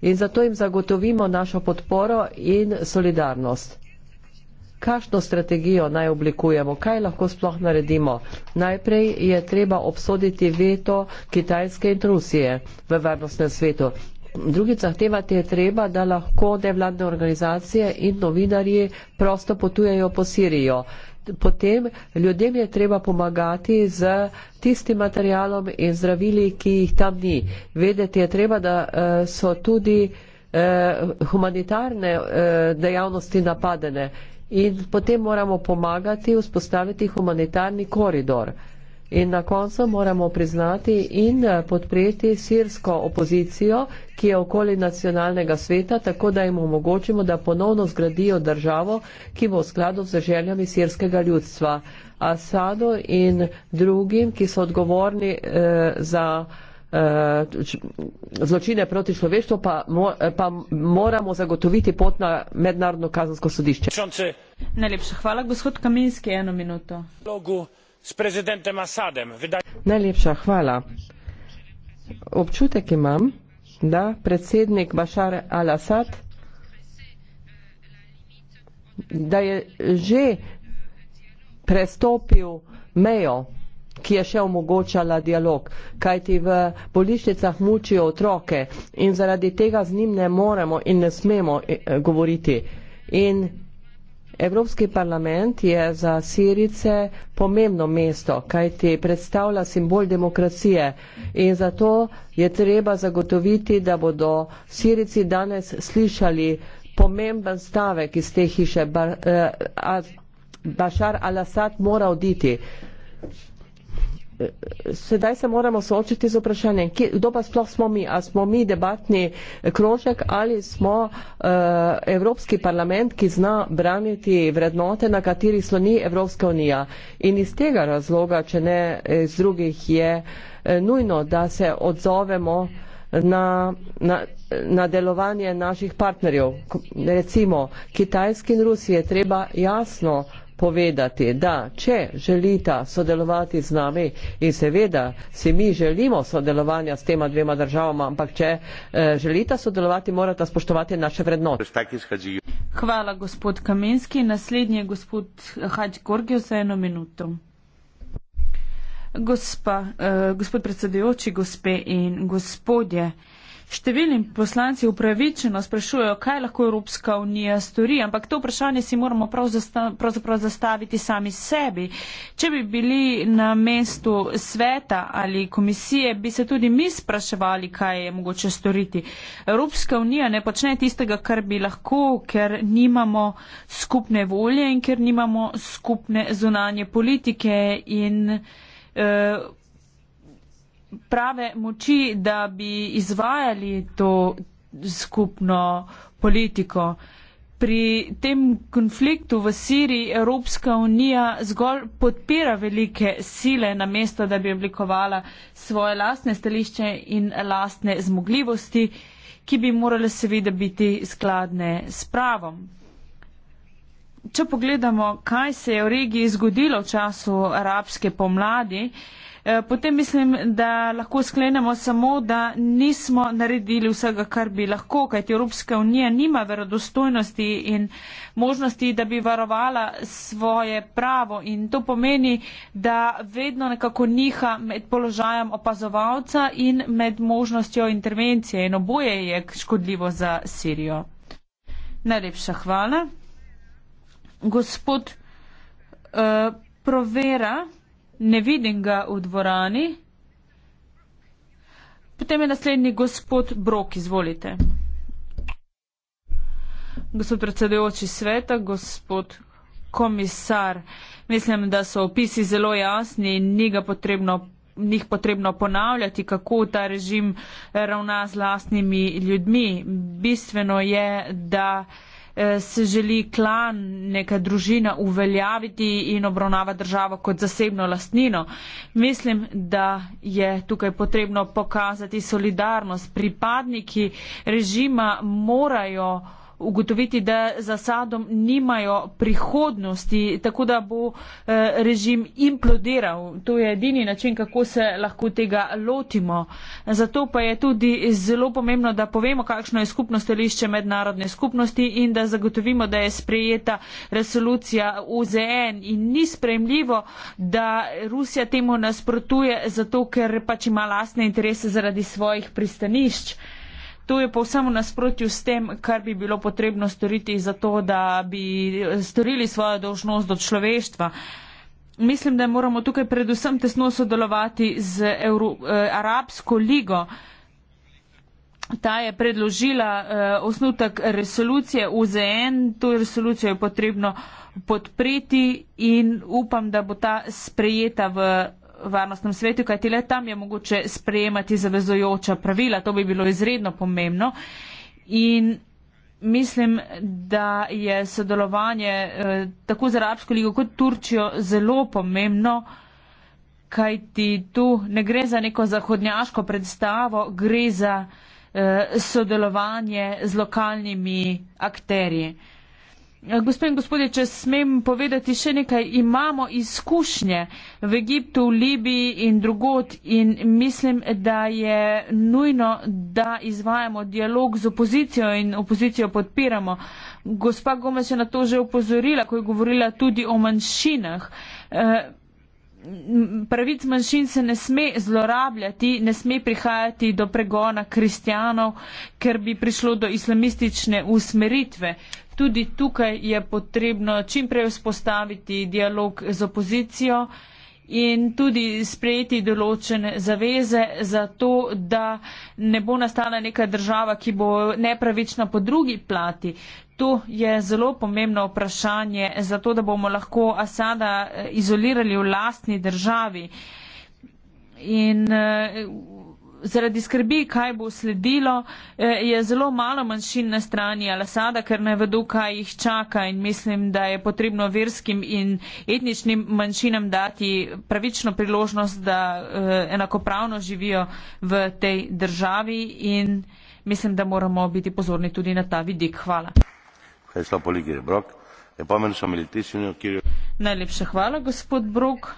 in zato jim zagotovimo našo podporo in solidarnost. Kakšno strategijo naj oblikujemo, kaj lahko sploh naredimo? Najprej je treba obsoditi veto Kitajske in Rusije v varnostnem svetu. Drugi zahtevati je treba, da lahko nevladne organizacije in novinarji prosto potujejo po Sirijo potem ljudem je treba pomagati z tistim materialom in zdravili, ki jih tam ni. Vedeti je treba, da eh, so tudi eh, humanitarne eh, dejavnosti napadene in potem moramo pomagati vzpostaviti humanitarni koridor. In na koncu moramo priznati in eh, podpreti sirsko opozicijo, ki je okoli nacionalnega sveta, tako da jim omogočimo, da ponovno zgradijo državo, ki bo v skladu z željami sirskega ljudstva. Asadu in drugim, ki so odgovorni eh, za eh, zločine proti človeštvu, pa, mo, eh, pa moramo zagotoviti pot na mednarodno kazansko sodišče. Najlepša hvala, gospod Kaminski, eno minuto s prezidentem Asadem. Vida... Najlepša hvala. Občutek imam, da predsednik Bašar al-Asad, da je že prestopil mejo, ki je še omogočala dialog, kajti v bolnišnicah mučijo otroke in zaradi tega z njim ne moremo in ne smemo eh, govoriti. In Evropski parlament je za Sirice pomembno mesto, kajti predstavlja simbol demokracije in zato je treba zagotoviti, da bodo Sirici danes slišali pomemben stavek iz te hiše. Eh, Bašar al-Assad mora oditi sedaj se moramo soočiti z vprašanjem, kje, kdo pa sploh smo mi, ali smo mi debatni krožek ali smo uh, Evropski parlament, ki zna braniti vrednote, na katerih sloni Evropska unija. In iz tega razloga, če ne iz drugih, je eh, nujno, da se odzovemo na, na, na delovanje naših partnerjev, recimo Kitajski in Rusiji, je treba jasno povedati, da če želita sodelovati z nami in seveda si mi želimo sodelovanja s tema dvema državama, ampak če eh, želita sodelovati, morata spoštovati naše vrednote. Hvala, gospod Kamenski. Naslednji je gospod Hač Gorgio za eno minuto. Gospa, eh, gospod predsedujoči, gospe in gospodje. Številni poslanci upravičeno sprašujejo, kaj lahko Evropska unija stori, ampak to vprašanje si moramo pravzaprav zastaviti sami sebi. Če bi bili na mestu sveta ali komisije, bi se tudi mi spraševali, kaj je mogoče storiti. Evropska unija ne počne tistega, kar bi lahko, ker nimamo skupne volje in ker nimamo skupne zunanje politike in eh, prave moči, da bi izvajali to skupno politiko. Pri tem konfliktu v Siriji Evropska unija zgolj podpira velike sile, namesto da bi oblikovala svoje lastne stališče in lastne zmogljivosti, ki bi morale seveda biti skladne s pravom. Če pogledamo, kaj se je v regiji zgodilo v času arabske pomladi, Eh, potem mislim, da lahko sklenemo samo, da nismo naredili vsega, kar bi lahko, kajti Evropska unija nima verodostojnosti in možnosti, da bi varovala svoje pravo. In to pomeni, da vedno nekako niha med položajem opazovalca in med možnostjo intervencije in oboje je škodljivo za Sirijo. Najlepša hvala. Gospod uh, Provera. Ne vidim ga v dvorani. Potem je naslednji gospod Brok, izvolite. Gospod predsedujoči sveta, gospod komisar, mislim, da so opisi zelo jasni in ni ga potrebno njih potrebno ponavljati, kako ta režim ravna z lastnimi ljudmi. Bistveno je, da Eh, se želi klan, neka družina uveljaviti in obravnava državo kot zasebno lastnino. Mislim, da je tukaj potrebno pokazati solidarnost. Pripadniki režima morajo ugotoviti, da za sadom nimajo prihodnosti, tako da bo eh, režim implodiral. To je edini način, kako se lahko tega lotimo. Zato pa je tudi zelo pomembno, da povemo, kakšno je skupno stališče mednarodne skupnosti in da zagotovimo, da je sprejeta resolucija OZN in ni sprejemljivo, da Rusija temu nasprotuje, zato ker pač ima lasne interese zaradi svojih pristanišč. To je povsem v nasprotju s tem, kar bi bilo potrebno storiti za to, da bi storili svojo dožnost do človeštva. Mislim, da moramo tukaj predvsem tesno sodelovati z Evro eh, Arabsko ligo. Ta je predložila eh, osnutek resolucije UZN, to resolucijo je potrebno podpreti in upam, da bo ta sprejeta v varnostnem svetu, kaj ti le tam je mogoče sprejemati zavezojoča pravila. To bi bilo izredno pomembno. In mislim, da je sodelovanje eh, tako za Arabsko ligo kot Turčijo zelo pomembno, kaj ti tu ne gre za neko zahodnjaško predstavo, gre za eh, sodelovanje z lokalnimi akterji. Gospe in gospodje, če smem povedati še nekaj, imamo izkušnje v Egiptu, v Libiji in drugot in mislim, da je nujno, da izvajamo dialog z opozicijo in opozicijo podpiramo. Gospa Gomes je na to že upozorila, ko je govorila tudi o manjšinah. Eh, pravic manjšin se ne sme zlorabljati, ne sme prihajati do pregona kristjanov, ker bi prišlo do islamistične usmeritve tudi tukaj je potrebno čimprej vzpostaviti dialog z opozicijo in tudi sprejeti določene zaveze za to, da ne bo nastala neka država, ki bo nepravična po drugi plati. To je zelo pomembno vprašanje za to, da bomo lahko Asada izolirali v lastni državi. In eh, zaradi skrbi, kaj bo sledilo, eh, je zelo malo manjšin na strani Al-Asada, ker ne vedo, kaj jih čaka in mislim, da je potrebno verskim in etničnim manjšinam dati pravično priložnost, da eh, enakopravno živijo v tej državi in mislim, da moramo biti pozorni tudi na ta vidik. Hvala. Najlepša hvala, gospod Brok.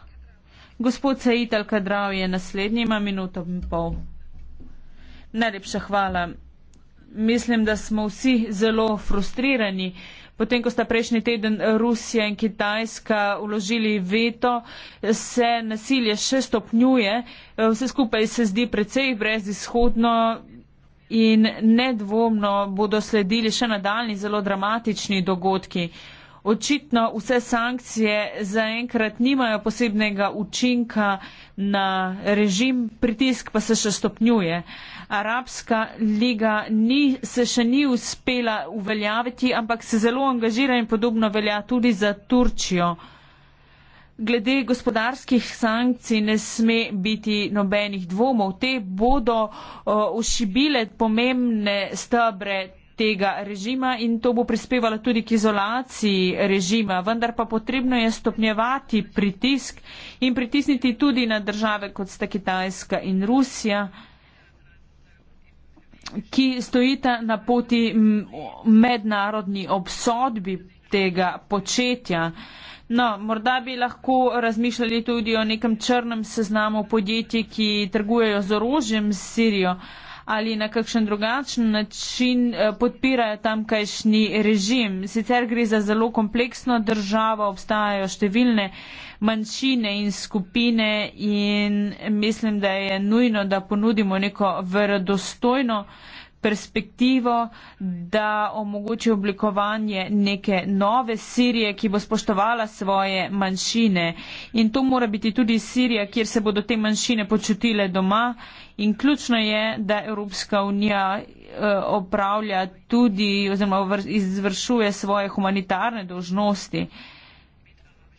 Gospod Sejit Alkadrav je naslednji, ima minuto in pol. Najlepša hvala. Mislim, da smo vsi zelo frustrirani. Potem, ko sta prejšnji teden Rusija in Kitajska uložili veto, se nasilje še stopnjuje. Vse skupaj se zdi precej brezizhodno in nedvomno bodo sledili še nadaljni zelo dramatični dogodki očitno vse sankcije zaenkrat nimajo posebnega učinka na režim, pritisk pa se še stopnjuje. Arabska liga ni, se še ni uspela uveljaviti, ampak se zelo angažira in podobno velja tudi za Turčijo. Glede gospodarskih sankcij ne sme biti nobenih dvomov. Te bodo ošibile pomembne stabre tega režima in to bo prispevalo tudi k izolaciji režima, vendar pa potrebno je stopnjevati pritisk in pritisniti tudi na države, kot sta Kitajska in Rusija, ki stojita na poti mednarodni obsodbi tega početja. No, morda bi lahko razmišljali tudi o nekem črnem seznamu podjetij, ki trgujejo z orožjem Sirijo ali na kakšen drugačen način eh, podpirajo tamkajšnji režim. Sicer gre za zelo kompleksno državo, obstajajo številne manjšine in skupine in mislim, da je nujno, da ponudimo neko verodostojno perspektivo, da omogoči oblikovanje neke nove Sirije, ki bo spoštovala svoje manjšine. In to mora biti tudi Sirija, kjer se bodo te manjšine počutile doma In ključno je, da Evropska unija eh, opravlja tudi oziroma izvršuje svoje humanitarne dožnosti.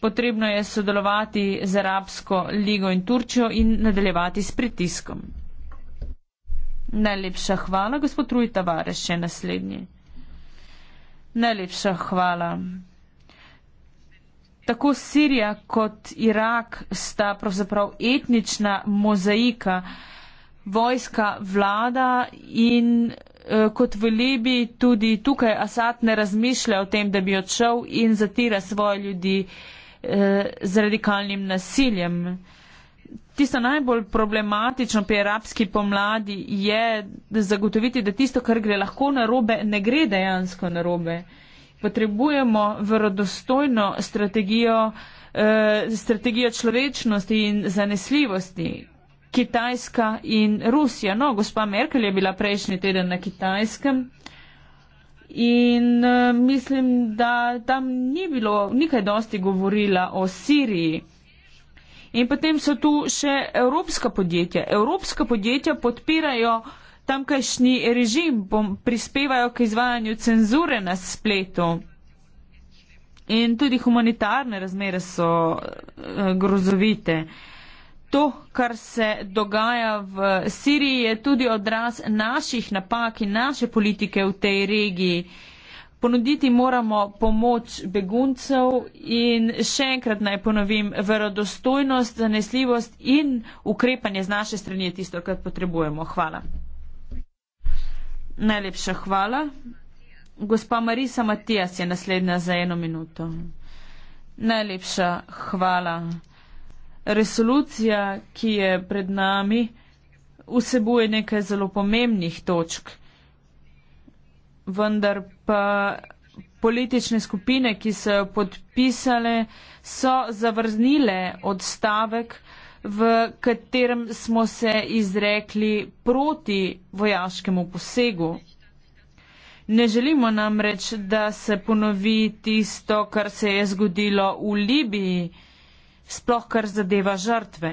Potrebno je sodelovati z Arabsko ligo in Turčjo in nadaljevati s pritiskom. Najlepša hvala, gospod Ruj Tavares, še naslednji. Najlepša hvala. Tako Sirija kot Irak sta pravzaprav etnična mozaika vojska, vlada in eh, kot v Libiji tudi tukaj Asad ne razmišlja o tem, da bi odšel in zatira svoje ljudi eh, z radikalnim nasiljem. Tisto najbolj problematično pri arabski pomladi je zagotoviti, da tisto, kar gre lahko na robe, ne gre dejansko na robe. Potrebujemo verodostojno strategijo, eh, strategijo človečnosti in zanesljivosti, Kitajska in Rusija. No, gospa Merkel je bila prejšnji teden na Kitajskem in eh, mislim, da tam ni bilo nikaj dosti govorila o Siriji. In potem so tu še evropska podjetja. Evropska podjetja podpirajo tamkajšnji režim, prispevajo k izvajanju cenzure na spletu. In tudi humanitarne razmere so eh, grozovite. Uh, To, kar se dogaja v Siriji, je tudi odraz naših napak in naše politike v tej regiji. Ponuditi moramo pomoč beguncev in še enkrat naj ponovim, verodostojnost, zanesljivost in ukrepanje z naše strani je tisto, kar potrebujemo. Hvala. Najlepša hvala. Gospa Marisa Matijas je naslednja za eno minuto. Najlepša hvala. Resolucija, ki je pred nami, vsebuje nekaj zelo pomembnih točk, vendar pa politične skupine, ki so jo podpisale, so zavrznile odstavek, v katerem smo se izrekli proti vojaškemu posegu. Ne želimo namreč, da se ponovi tisto, kar se je zgodilo v Libiji sploh kar zadeva žrtve.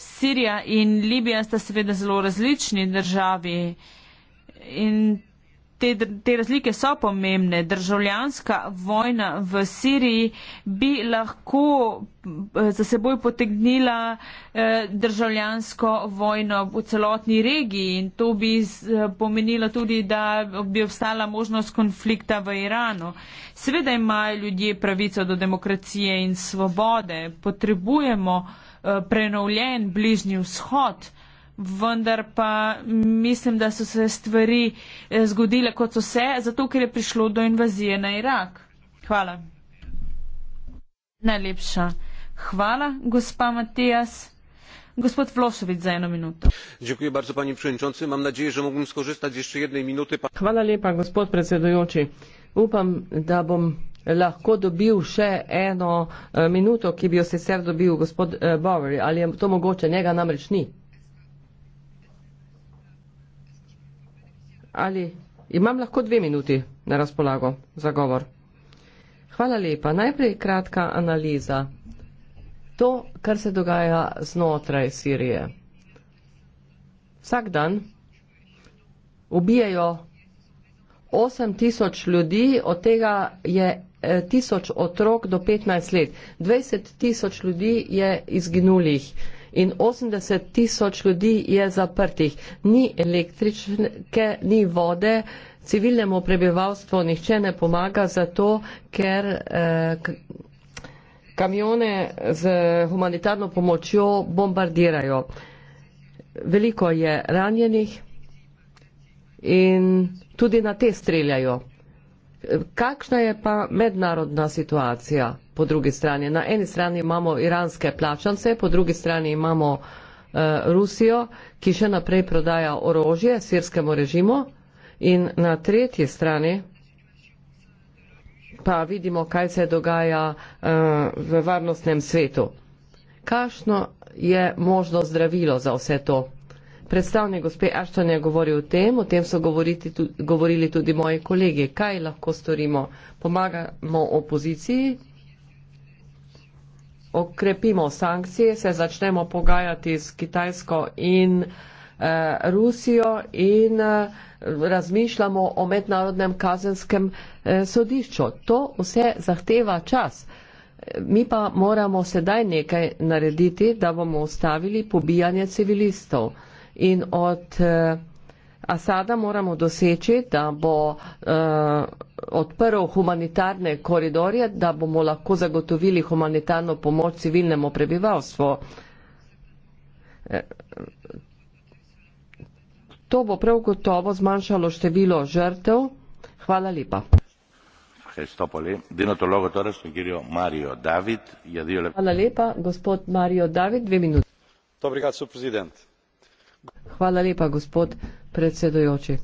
Sirija in Libija sta seveda zelo različni državi in te, te razlike so pomembne. Državljanska vojna v Siriji bi lahko eh, za seboj potegnila eh, državljansko vojno v celotni regiji in to bi eh, pomenilo tudi, da bi obstala možnost konflikta v Iranu. Sveda imajo ljudje pravico do demokracije in svobode. Potrebujemo prenovljen bližnji vzhod, vendar pa mislim, da so se stvari eh, zgodile kot so se, zato ker je prišlo do invazije na Irak. Hvala. Najlepša. Hvala, gospa Matijas. Gospod Vlošovic za eno minuto. Dziękuję bardzo, pani przewodniczący. Mam nadzieję, że mógłbym skorzystać jeszcze jednej minuty. Hvala lepa, gospod predsedujoči. Upam, da bom lahko dobil še eno eh, minuto, ki bi jo sicer dobil gospod eh, Bowery. Ali je to mogoče? Njega namreč ni. ali imam lahko dve minuti na razpolago za govor. Hvala lepa. Najprej kratka analiza. To, kar se dogaja znotraj Sirije. Vsak dan ubijajo 8000 ljudi, od tega je 1000 eh, otrok do 15 let. 20 tisoč ljudi je izginulih in 80 tisoč ljudi je zaprtih. Ni električne, ni vode, civilnemu prebivalstvu nihče ne pomaga zato, ker eh, kamione z humanitarno pomočjo bombardirajo. Veliko je ranjenih in tudi na te streljajo. Kakšna je pa mednarodna situacija po drugi strani? Na eni strani imamo iranske plačance, po drugi strani imamo eh, Rusijo, ki še naprej prodaja orožje sirskemu režimu in na tretji strani pa vidimo, kaj se dogaja eh, v varnostnem svetu. Kakšno je možno zdravilo za vse to? Predstavnik gospe Ašton je govoril o tem, o tem so tudi, govorili tudi moji kolegi. Kaj lahko storimo? Pomagamo opoziciji, okrepimo sankcije, se začnemo pogajati s Kitajsko in eh, Rusijo in eh, razmišljamo o mednarodnem kazenskem eh, sodišču. To vse zahteva čas. Mi pa moramo sedaj nekaj narediti, da bomo ustavili pobijanje civilistov in od eh, Asada moramo doseči, da bo eh, odprl humanitarne koridorje, da bomo lahko zagotovili humanitarno pomoč civilnemu prebivalstvu. Eh, to bo prav gotovo zmanjšalo število žrtev. Hvala lepa. Torej Hvala lepa, gospod Mario David, dve minuti. Dobrigad, so prezident. Hvala lepa, gospod predsedojoči.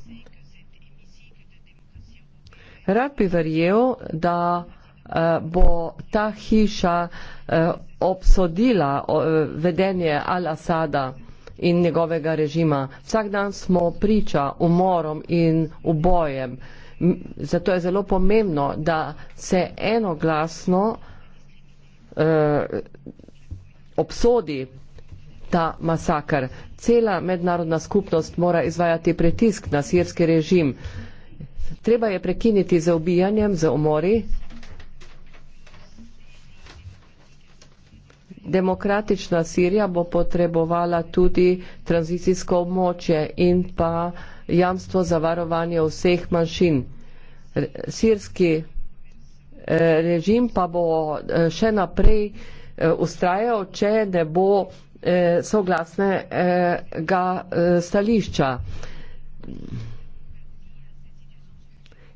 Rad bi verjel, da eh, bo ta hiša eh, obsodila eh, vedenje Al-Asada in njegovega režima. Vsak dan smo priča umorom in ubojem. Zato je zelo pomembno, da se enoglasno eh, obsodi ta masakr. Cela mednarodna skupnost mora izvajati pritisk na sirski režim. Treba je prekiniti z ubijanjem, z umori. Demokratična Sirija bo potrebovala tudi tranzicijsko območje in pa jamstvo za varovanje vseh manjšin. Sirski eh, režim pa bo eh, še naprej ustrajal, eh, če ne bo eh, soglasnega eh, eh, stališča.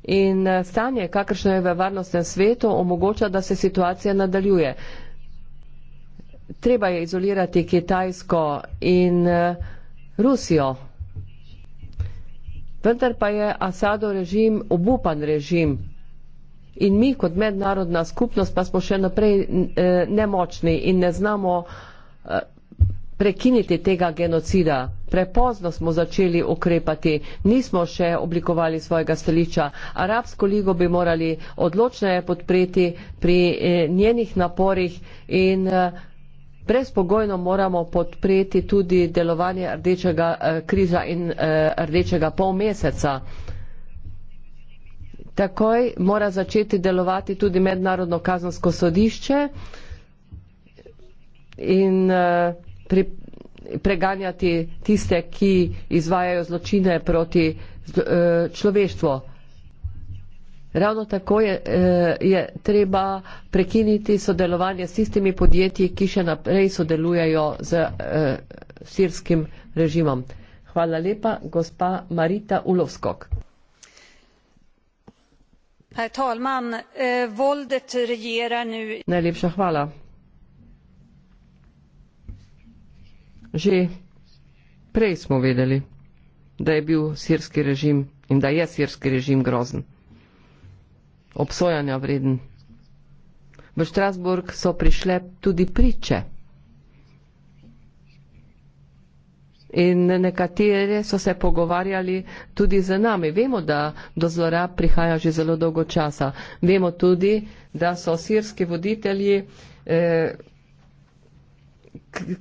In eh, stanje, kakršno je v varnostnem svetu, omogoča, da se situacija nadaljuje. Treba je izolirati Kitajsko in eh, Rusijo. Vendar pa je Asado režim obupan režim in mi kot mednarodna skupnost pa smo še naprej eh, nemočni in ne znamo eh, prekiniti tega genocida. Prepozno smo začeli ukrepati, nismo še oblikovali svojega stališča. Arabsko ligo bi morali odločneje podpreti pri eh, njenih naporih in eh, brezpogojno moramo podpreti tudi delovanje rdečega eh, kriza in rdečega polmeseca. Takoj mora začeti delovati tudi mednarodno kazansko sodišče in uh, pre, preganjati tiste, ki izvajajo zločine proti eh, človeštvu. Ravno tako je, eh, je treba prekiniti sodelovanje s tistimi podjetji, ki še naprej sodelujejo z eh, sirskim režimom. Hvala lepa, gospa Marita Ulovskog. Eh, Najlepša hvala. Že prej smo vedeli, da je bil sirski režim in da je sirski režim grozen. Obsojanja vreden. V Štrasburg so prišle tudi priče. In nekatere so se pogovarjali tudi z nami. Vemo, da do zlorab prihaja že zelo dolgo časa. Vemo tudi, da so sirski voditelji. Eh,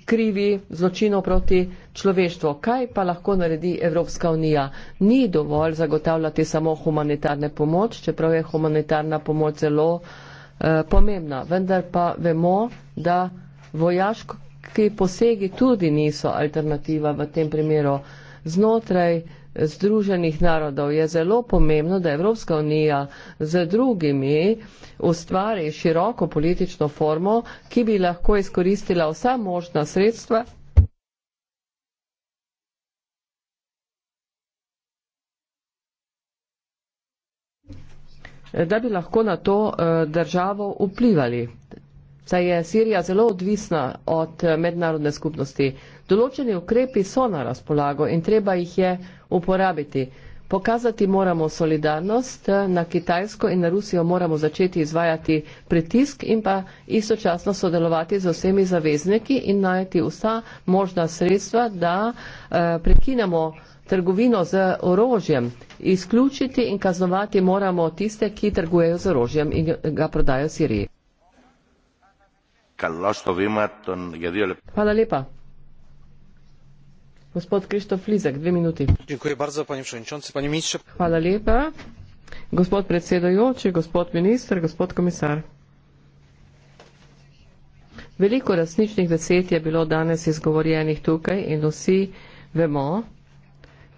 krivi zločinov proti človeštvu. Kaj pa lahko naredi Evropska unija? Ni dovolj zagotavljati samo humanitarne pomoč, čeprav je humanitarna pomoč zelo eh, pomembna. Vendar pa vemo, da vojaški posegi tudi niso alternativa v tem primeru. Znotraj eh, Združenih narodov je zelo pomembno, da Evropska unija z drugimi ustvari široko politično formo, ki bi lahko izkoristila vsa možna sredstva. da bi lahko na to eh, državo vplivali saj je Sirija zelo odvisna od mednarodne skupnosti. Določeni ukrepi so na razpolago in treba jih je uporabiti. Pokazati moramo solidarnost, na Kitajsko in na Rusijo moramo začeti izvajati pritisk in pa istočasno sodelovati z vsemi zavezniki in najti vsa možna sredstva, da eh, prekinemo trgovino z orožjem. Izključiti in kaznovati moramo tiste, ki trgujejo z orožjem in ga prodajo Siriji. Hvala lepa. Gospod Krištof Lizek, dve minuti. Bardzo, panie panie ministrze. Hvala lepa. Gospod predsedojoči, gospod minister, gospod komisar. Veliko resničnih besed je bilo danes izgovorjenih tukaj in vsi vemo,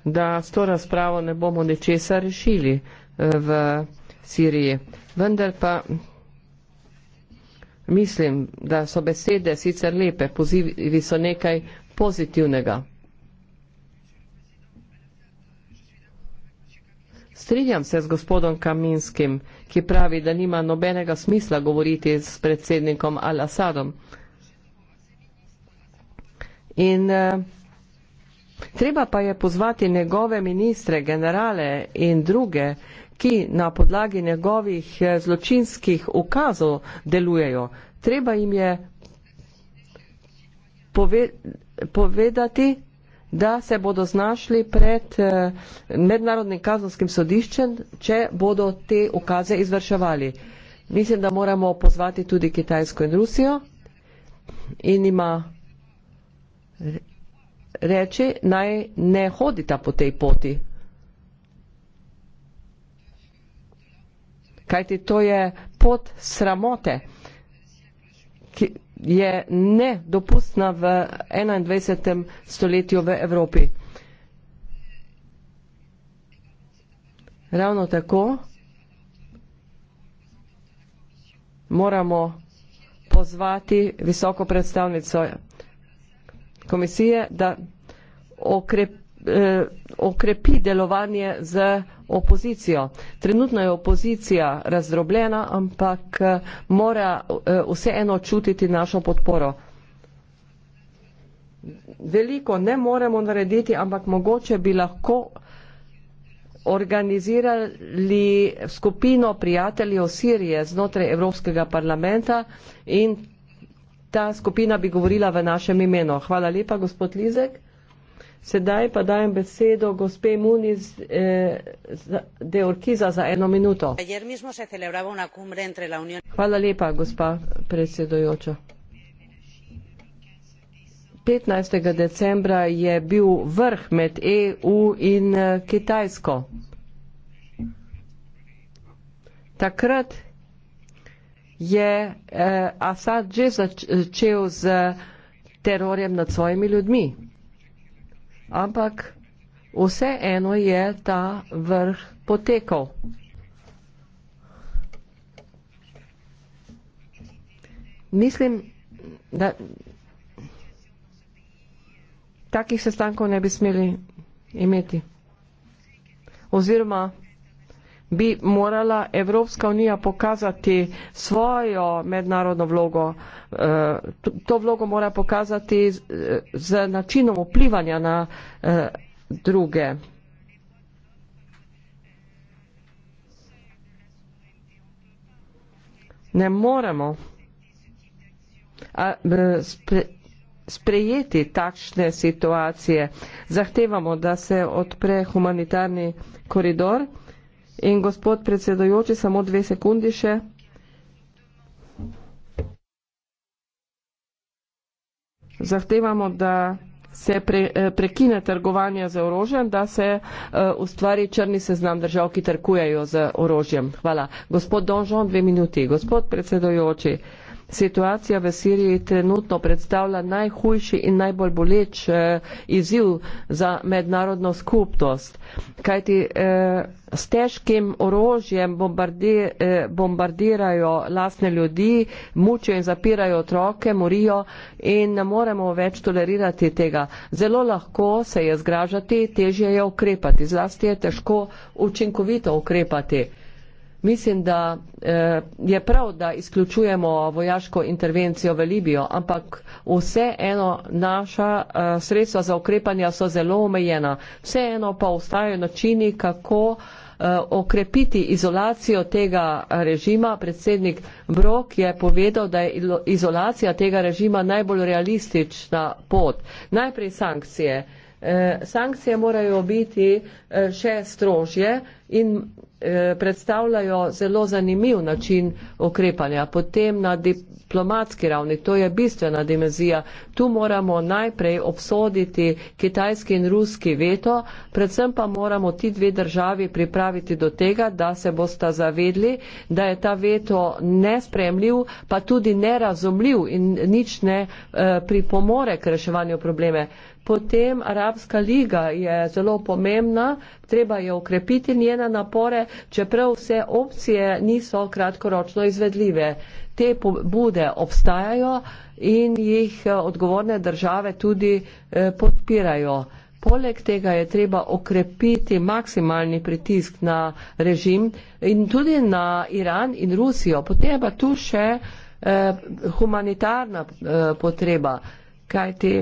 da s to razpravo ne bomo ničesar rešili eh, v Siriji. Vendar pa Mislim, da so besede sicer lepe, pozivi so nekaj pozitivnega. Strinjam se z gospodom Kaminskim, ki pravi, da nima nobenega smisla govoriti s predsednikom Al-Assadom. In eh, treba pa je pozvati njegove ministre, generale in druge, eh, ki na podlagi njegovih eh, zločinskih ukazov delujejo. Treba jim je pove, povedati, da se bodo znašli pred eh, mednarodnim kazenskim sodiščem, če bodo te ukaze izvrševali. Mislim, da moramo pozvati tudi Kitajsko in Rusijo in ima reči, naj ne hodita po tej poti. kajti to je pot sramote, ki je nedopustna v 21. stoletju v Evropi. Ravno tako moramo pozvati visoko predstavnico komisije, da okrep, eh, okrepi delovanje z opozicijo. Trenutno je opozicija razdrobljena, ampak eh, mora eh, vseeno čutiti našo podporo. Veliko ne moremo narediti, ampak mogoče bi lahko organizirali skupino prijateljev Sirije znotraj Evropskega parlamenta in ta skupina bi govorila v našem imenu. Hvala lepa, gospod Lizek. Sedaj pa dajem besedo gospe Muni eh, de Orkiza za eno minuto. Hvala lepa, gospa predsedojoča. 15. decembra je bil vrh med EU in eh, Kitajsko. Takrat je eh, Assad že začel z terorjem nad svojimi ljudmi ampak vseeno je ta vrh potekal. Mislim, da takih sestankov ne bi smeli imeti. Oziroma, bi morala Evropska unija pokazati svojo mednarodno vlogo. Eh, to vlogo mora pokazati z načinom vplivanja na eh, druge. Ne moremo sprejeti takšne situacije. Zahtevamo, da se odpre humanitarni koridor. In gospod predsedojoči, samo dve sekundi še. Zahtevamo, da se pre, eh, prekine trgovanje z orožjem, da se uh, ustvari črni seznam držav, ki trkujejo z orožjem. Hvala. Gospod Donžon, dve minuti. Gospod predsedojoči situacija v Siriji trenutno predstavlja najhujši in najbolj boleč eh, izziv za mednarodno skupnost. Kajti eh, s težkim orožjem bombardir, eh, bombardirajo lastne ljudi, mučijo in zapirajo otroke, morijo in ne moremo več tolerirati tega. Zelo lahko se je zgražati, težje je ukrepati, zlasti je težko učinkovito ukrepati mislim, da eh, je prav, da izključujemo vojaško intervencijo v Libijo, ampak vseeno naša eh, sredstva za ukrepanja so zelo omejena. Vseeno pa ostajajo načini, kako eh, okrepiti izolacijo tega režima. Predsednik Brok je povedal, da je izolacija tega režima najbolj realistična pot. Najprej sankcije. Eh, sankcije morajo biti eh, še strožje in eh, predstavljajo zelo zanimiv način ukrepanja. Potem na diplomatski ravni, to je bistvena dimenzija, tu moramo najprej obsoditi kitajski in ruski veto, predvsem pa moramo ti dve državi pripraviti do tega, da se bosta zavedli, da je ta veto nespremljiv, pa tudi nerazumljiv in nič ne eh, pripomore k reševanju probleme. Potem Arabska liga je zelo pomembna, treba je ukrepiti njena na napore, čeprav vse opcije niso kratkoročno izvedljive. Te pobude obstajajo in jih eh, odgovorne države tudi eh, podpirajo. Poleg tega je treba okrepiti maksimalni pritisk na režim in tudi na Iran in Rusijo. Potem pa tu še eh, humanitarna eh, potreba, kajti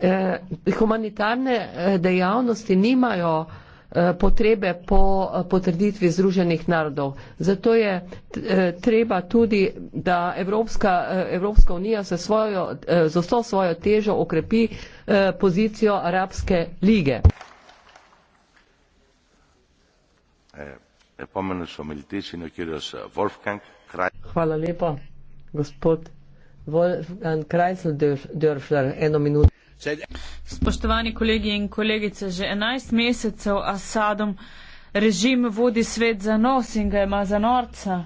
eh, humanitarne eh, dejavnosti nimajo eh, Eh, potrebe po eh, potrditvi Združenih narodov. Zato je eh, treba tudi, da Evropska, Evropska unija z vso svojo, svojo težo okrepi pozicijo Arabske lige. Hvala lepa, gospod Wolfgang Kreisel Dörfler, eno minuto. Spoštovani kolegi in kolegice, že 11 mesecev Asadom režim vodi svet za nos in ga ima za norca.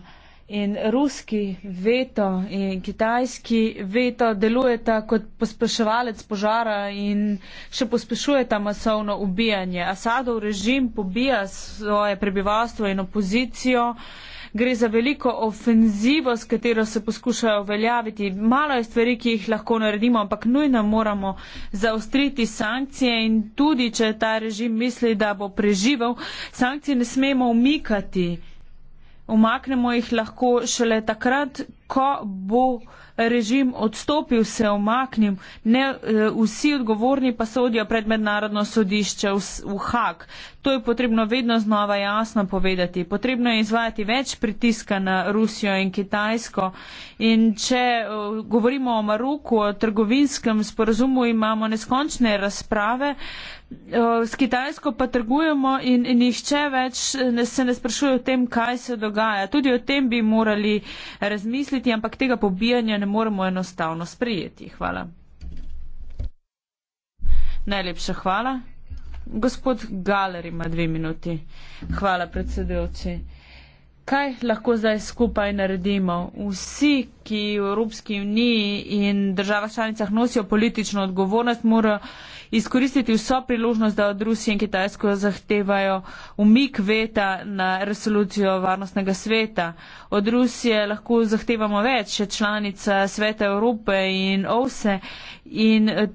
In ruski veto in kitajski veto delujeta kot pospeševalec požara in še pospešujeta masovno ubijanje. Asadov režim pobija svoje prebivalstvo in opozicijo gre za veliko ofenzivo, s katero se poskušajo uveljaviti. Malo je stvari, ki jih lahko naredimo, ampak nujno moramo zaostriti sankcije in tudi, če ta režim misli, da bo preživel, sankcije ne smemo umikati. Umaknemo jih lahko šele takrat, ko bo preživel režim odstopil, se omaknil, ne, eh, vsi odgovorni pa sodijo pred mednarodno sodišče v, v Hak. To je potrebno vedno znova jasno povedati. Potrebno je izvajati več pritiska na Rusijo in Kitajsko. In če eh, govorimo o Maruku, o trgovinskem sporazumu, imamo neskončne razprave. S Kitajsko pa trgujemo in, in nišče več ne, se ne sprašuje o tem, kaj se dogaja. Tudi o tem bi morali razmisliti, ampak tega pobijanja ne moremo enostavno sprijeti. Hvala. Najlepša hvala. Gospod Galer ima dve minuti. Hvala, predsedujoči. Kaj lahko zdaj skupaj naredimo? Vsi, ki v Evropski uniji in država članicah nosijo politično odgovornost, morajo izkoristiti vso priložnost, da od Rusije in Kitajsko zahtevajo umik veta na resolucijo varnostnega sveta. Od Rusije lahko zahtevamo več, še članica Sveta Evrope in OVSE. In eh,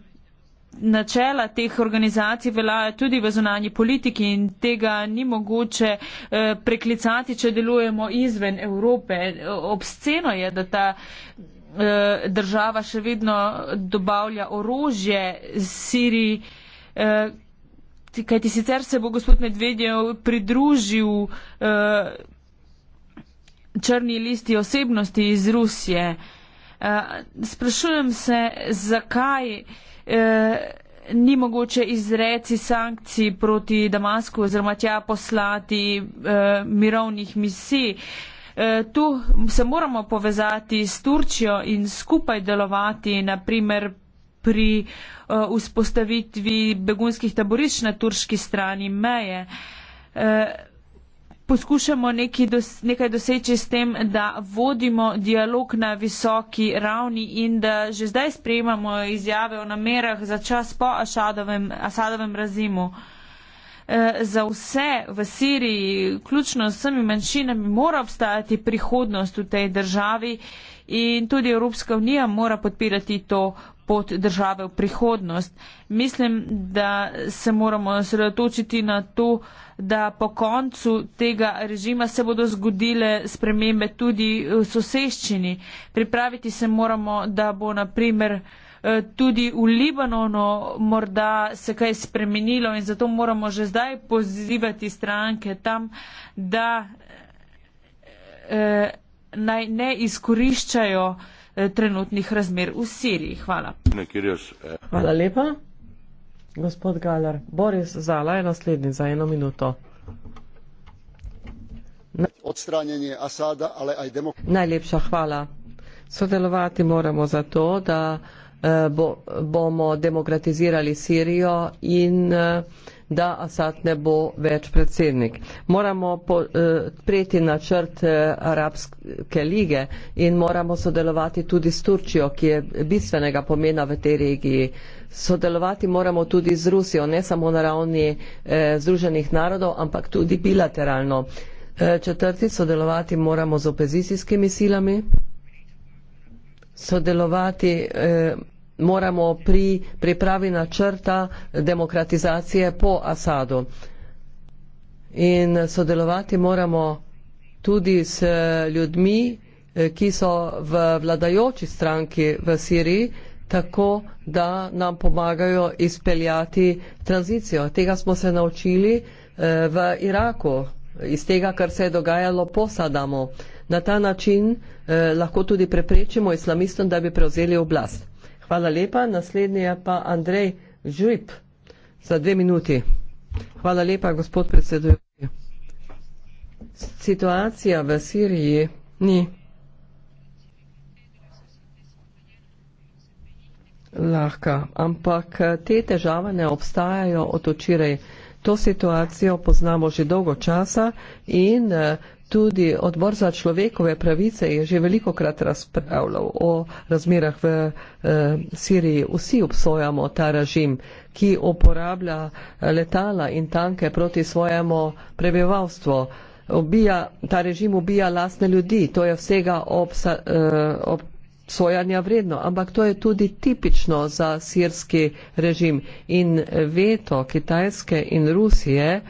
Načela teh organizacij veljajo tudi v zonanji politiki in tega ni mogoče eh, preklicati, če delujemo izven Evrope. Obsceno je, da ta Eh, država še vedno dobavlja orožje Siriji, eh, kajti sicer se bo gospod Medvedjev pridružil eh, črni listi osebnosti iz Rusije. Sprašujem se, zakaj ni mogoče izreci sankcij proti Damasku oziroma tja poslati mirovnih misij. Eh, tu se moramo povezati s Turčijo in skupaj delovati, naprimer pri eh, vzpostavitvi begunskih taborišč na turški strani meje. Eh, poskušamo nekaj doseči s tem, da vodimo dialog na visoki ravni in da že zdaj sprejemamo izjave o namerah za čas po Asadovem razimu. Uh, Eh, za vse v Siriji, ključno s vsemi manjšinami, mora obstajati prihodnost v tej državi in tudi Evropska unija mora podpirati to pot države v prihodnost. Mislim, da se moramo sredotočiti na to, da po koncu tega režima se bodo zgodile spremembe tudi v soseščini. Pripraviti se moramo, da bo naprimer Eh, tudi v Libanonu morda se kaj spremenilo in zato moramo že zdaj pozivati stranke tam, da eh, naj ne izkoriščajo eh, trenutnih razmer v Siriji. Hvala. Hvala lepa. Gospod Galar, Boris Zala je naslednji za eno minuto. Odstranjenje Asada, ali aj demokracije. Najlepša hvala. Sodelovati moramo zato, da Eh, bo, bomo demokratizirali Sirijo in eh, da Asad ne bo več predsednik. Moramo po, eh, preti na črt eh, Arabske lige in moramo sodelovati tudi s Turčijo, ki je bistvenega pomena v tej regiji. Sodelovati moramo tudi z Rusijo, ne samo na ravni eh, Združenih narodov, ampak tudi bilateralno. Eh, četrti, sodelovati moramo z opozicijskimi silami. Sodelovati. Eh, moramo pri pripravi načrta demokratizacije po Asadu. In sodelovati moramo tudi s ljudmi, eh, ki so v vladajoči stranki v Siriji, tako da nam pomagajo izpeljati tranzicijo. Tega smo se naučili eh, v Iraku, iz tega, kar se je dogajalo po Sadamu. Na ta način eh, lahko tudi preprečimo islamistom, da bi prevzeli oblast. Hvala lepa. Naslednji je pa Andrej Žujp za dve minuti. Hvala lepa, gospod predsedujoči. Situacija v Siriji ni lahka, ampak te težave ne obstajajo od včeraj. To situacijo poznamo že dolgo časa in eh, tudi odbor za človekove pravice je že velikokrat razpravljal o razmerah v eh, Siriji. Vsi obsojamo ta režim, ki uporablja eh, letala in tanke proti svojemu prebivalstvu. Obija, ta režim ubija lastne ljudi, to je vsega ob, ob sojanja vredno, ampak to je tudi tipično za sirski režim. In veto Kitajske in Rusije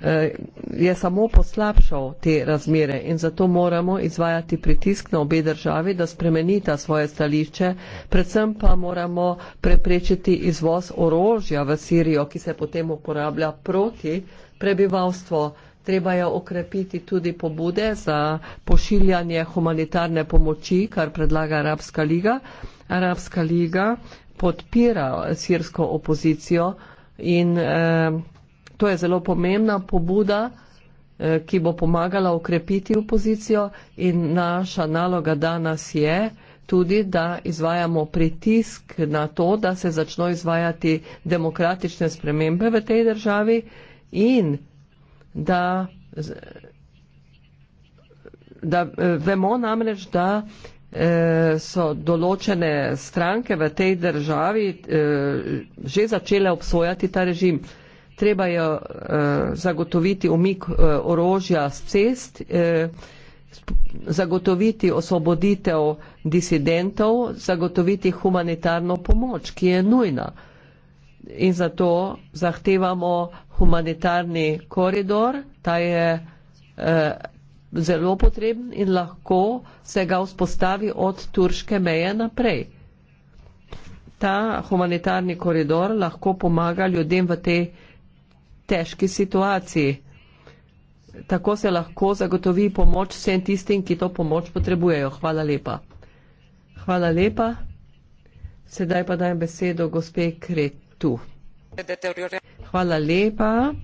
eh, je samo poslabšal te razmere in zato moramo izvajati pritisk na obe državi, da spremenita svoje stališče, predvsem pa moramo preprečiti izvoz orožja v Sirijo, ki se potem uporablja proti prebivalstvu Treba je okrepiti tudi pobude za pošiljanje humanitarne pomoči, kar predlaga Arabska liga. Arabska liga podpira sirsko opozicijo in eh, to je zelo pomembna pobuda, eh, ki bo pomagala okrepiti opozicijo in naša naloga danes je tudi, da izvajamo pritisk na to, da se začno izvajati demokratične spremembe v tej državi in da, da eh, vemo namreč, da eh, so določene stranke v tej državi eh, že začele obsojati ta režim. Treba je zagotoviti umik orožja z cest, zagotoviti osvoboditev disidentov, zagotoviti humanitarno pomoč, ki je nujna. In zato zahtevamo humanitarni koridor, ta je eh, zelo potreben in lahko se ga vzpostavi od turške meje naprej. Ta humanitarni koridor lahko pomaga ljudem v tej težki situaciji. Tako se lahko zagotovi pomoč vsem tistim, ki to pomoč potrebujejo. Hvala lepa. Hvala lepa. Sedaj pa dajem besedo gospe Kretu. Hvala lepa.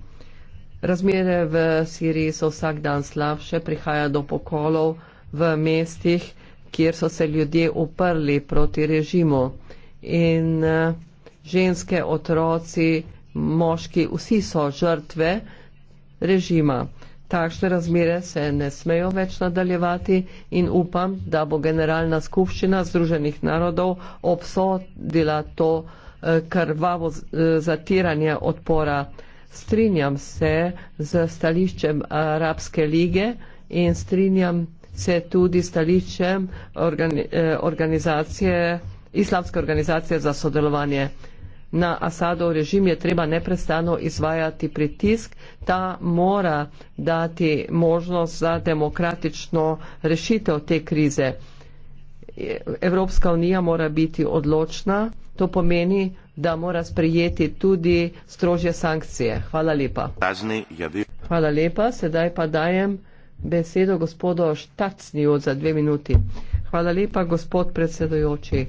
Razmere v Siriji so vsak dan slabše, prihaja do pokolov v mestih, kjer so se ljudje uprli proti režimu. In eh, ženske, otroci, moški, vsi so žrtve režima. Takšne razmere se ne smejo več nadaljevati in upam, da bo Generalna skupščina Združenih narodov obsodila to. Eh, krvavo eh, zatiranje odpora. Strinjam se z stališčem Arabske lige in strinjam se tudi stališčem eh, organizacije, Islamske organizacije za sodelovanje. Na Asadov režim je treba neprestano izvajati pritisk, ta mora dati možnost za demokratično rešitev te krize. Evropska unija mora biti odločna. To pomeni, da mora sprejeti tudi strožje sankcije. Hvala lepa. Hvala lepa. Sedaj pa dajem besedo gospodu Štacniju za dve minuti. Hvala lepa, gospod predsedojoči.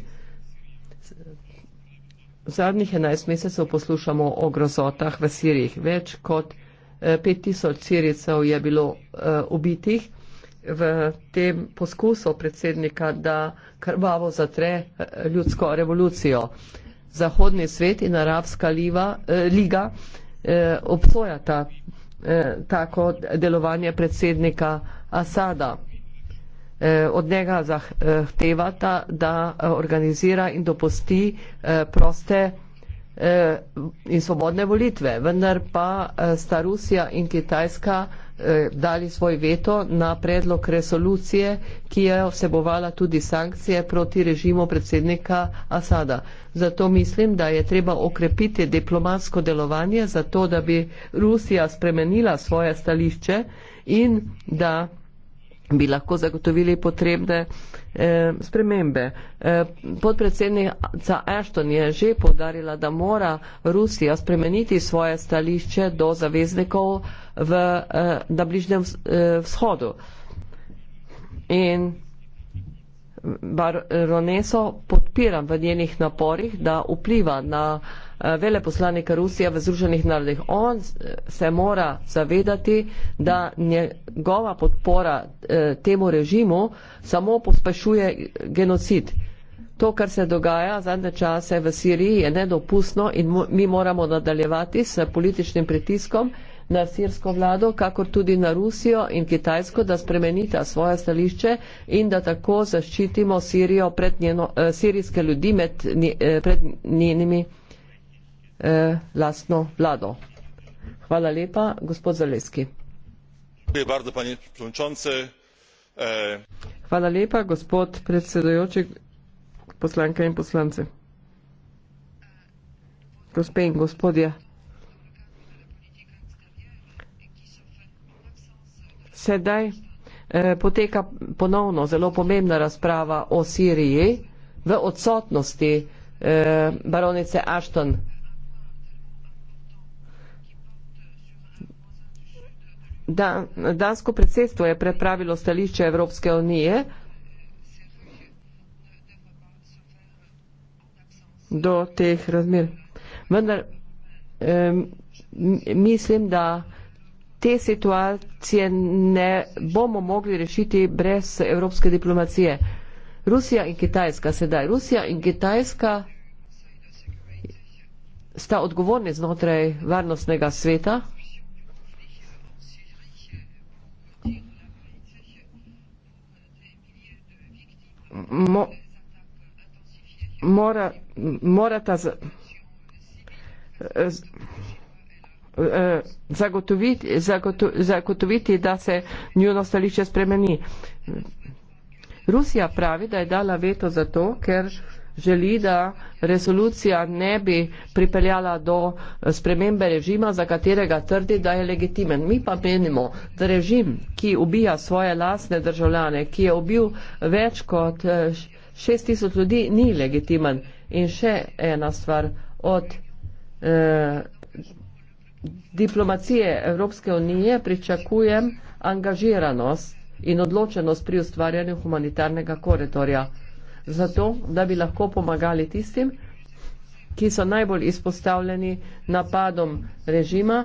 V zadnjih 11 mesecev poslušamo o grozotah v Siriji. Več kot 5000 eh, Sirijcev je bilo uh, ubitih v tem poskusu predsednika, da krvavo zatre eh, ljudsko revolucijo. Zahodni svet in Arabska liva, eh, liga eh, obsojata eh, tako delovanje predsednika Asada. Eh, od njega zahtevata, da eh, organizira in dopusti eh, proste eh, in svobodne volitve. Vendar pa eh, sta Rusija in Kitajska eh, Eh, dali svoj veto na predlog resolucije, ki je vsebovala tudi sankcije proti režimu predsednika Asada. Zato mislim, da je treba okrepiti diplomatsko delovanje, zato da bi Rusija spremenila svoje stališče in da bi lahko zagotovili potrebne eh, spremembe. Eh, podpredsednica Ashton je že podarila, da mora Rusija spremeniti svoje stališče do zaveznikov, eh, v, eh, na Bližnjem eh, vzhodu. In Baroneso podpiram v njenih naporih, da vpliva na eh, veleposlanika Rusije v Združenih narodih. On se mora zavedati, da njegova podpora temu režimu samo pospešuje genocid. To, kar se dogaja zadnje čase v Siriji, je nedopustno in mi moramo nadaljevati s političnim pritiskom na sirsko vlado, kakor tudi na Rusijo in Kitajsko, da spremenita svoje stališče in da tako zaščitimo Sirijo pred njeno, eh, sirijske ljudi med, eh, pred njenimi eh, lastno vlado. Hvala lepa, gospod Zaleski. E- Hvala lepa, gospod predsedujoči, poslanke in poslance. Gospe in gospodje. sedaj eh, poteka ponovno zelo pomembna razprava o Siriji v odsotnosti eh, baronice Ashton. Da, dansko predsedstvo je prepravilo stališče Evropske unije do teh razmer. Vendar eh, mislim, da te situacije ne bomo mogli rešiti brez evropske diplomacije. Rusija in Kitajska sedaj. Rusija in Kitajska sta odgovorni znotraj varnostnega sveta. Mo Mora, morata Eh, zagotoviti, zagoto, zagotoviti, da se njuno stališče spremeni. Rusija pravi, da je dala veto zato, ker želi, da resolucija ne bi pripeljala do spremembe režima, za katerega trdi, da je legitimen. Mi pa menimo, da režim, ki ubija svoje lasne državljane, ki je ubil več kot 6000 eh, ljudi, ni legitimen. In še ena stvar od. Eh, diplomacije Evropske unije pričakujem angažiranost in odločenost pri ustvarjanju humanitarnega koridorja, zato da bi lahko pomagali tistim, ki so najbolj izpostavljeni napadom režima,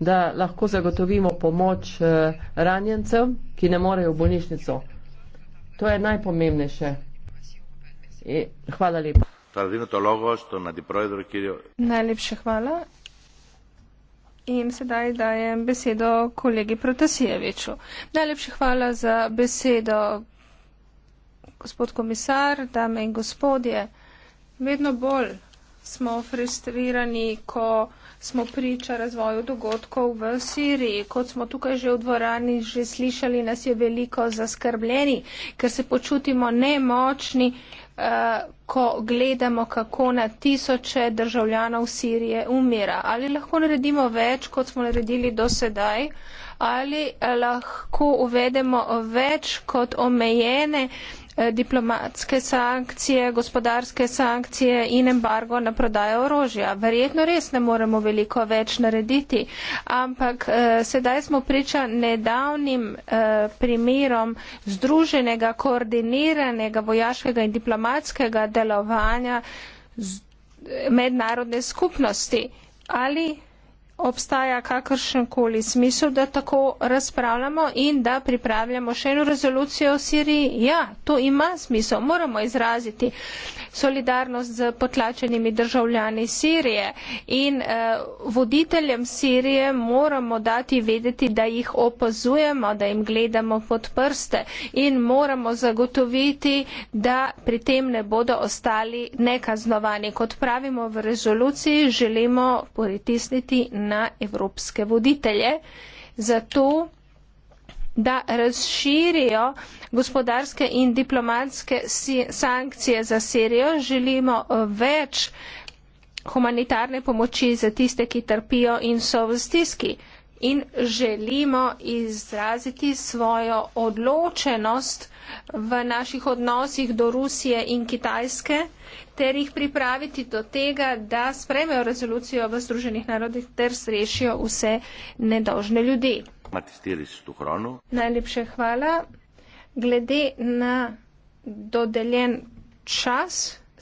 da lahko zagotovimo pomoč eh, ranjencem, ki ne morejo v bolnišnico. To je najpomembnejše. E, hvala lepa. Najlepša hvala. In sedaj dajem besedo kolegi Protasijeviču. Najlepši hvala za besedo, gospod komisar, dame in gospodje. Vedno bolj smo frustrirani, ko smo priča razvoju dogodkov v Siriji. Kot smo tukaj že v dvorani že slišali, nas je veliko zaskrbljeni, ker se počutimo nemočni. Eh, ko gledamo, kako na tisoče državljanov Sirije umira. Ali lahko naredimo več, kot smo naredili do sedaj, ali eh, lahko uvedemo več kot omejene Eh, diplomatske sankcije, gospodarske sankcije in embargo na prodajo orožja. Verjetno res ne moremo veliko več narediti, ampak eh, sedaj smo priča nedavnim eh, primerom združenega, koordiniranega vojaškega in diplomatskega delovanja z, eh, mednarodne skupnosti. Ali obstaja kakršen koli smisel, da tako razpravljamo in da pripravljamo še eno rezolucijo o Siriji. Ja, to ima smisel. Moramo izraziti solidarnost z potlačenimi državljani Sirije in eh, voditeljem Sirije moramo dati vedeti, da jih opazujemo, da jim gledamo pod prste in moramo zagotoviti, da pri tem ne bodo ostali nekaznovani. Kot pravimo v rezoluciji, želimo pritisniti na na evropske voditelje, zato da razširijo gospodarske in diplomatske sankcije za Sirijo. Želimo eh, več humanitarne pomoči za tiste, ki trpijo in so v stiski in želimo izraziti svojo odločenost v naših odnosih do Rusije in Kitajske ter jih pripraviti do tega, da spremejo rezolucijo v Združenih narodih ter srešijo vse nedožne ljudi. Najlepše hvala. Glede na dodeljen čas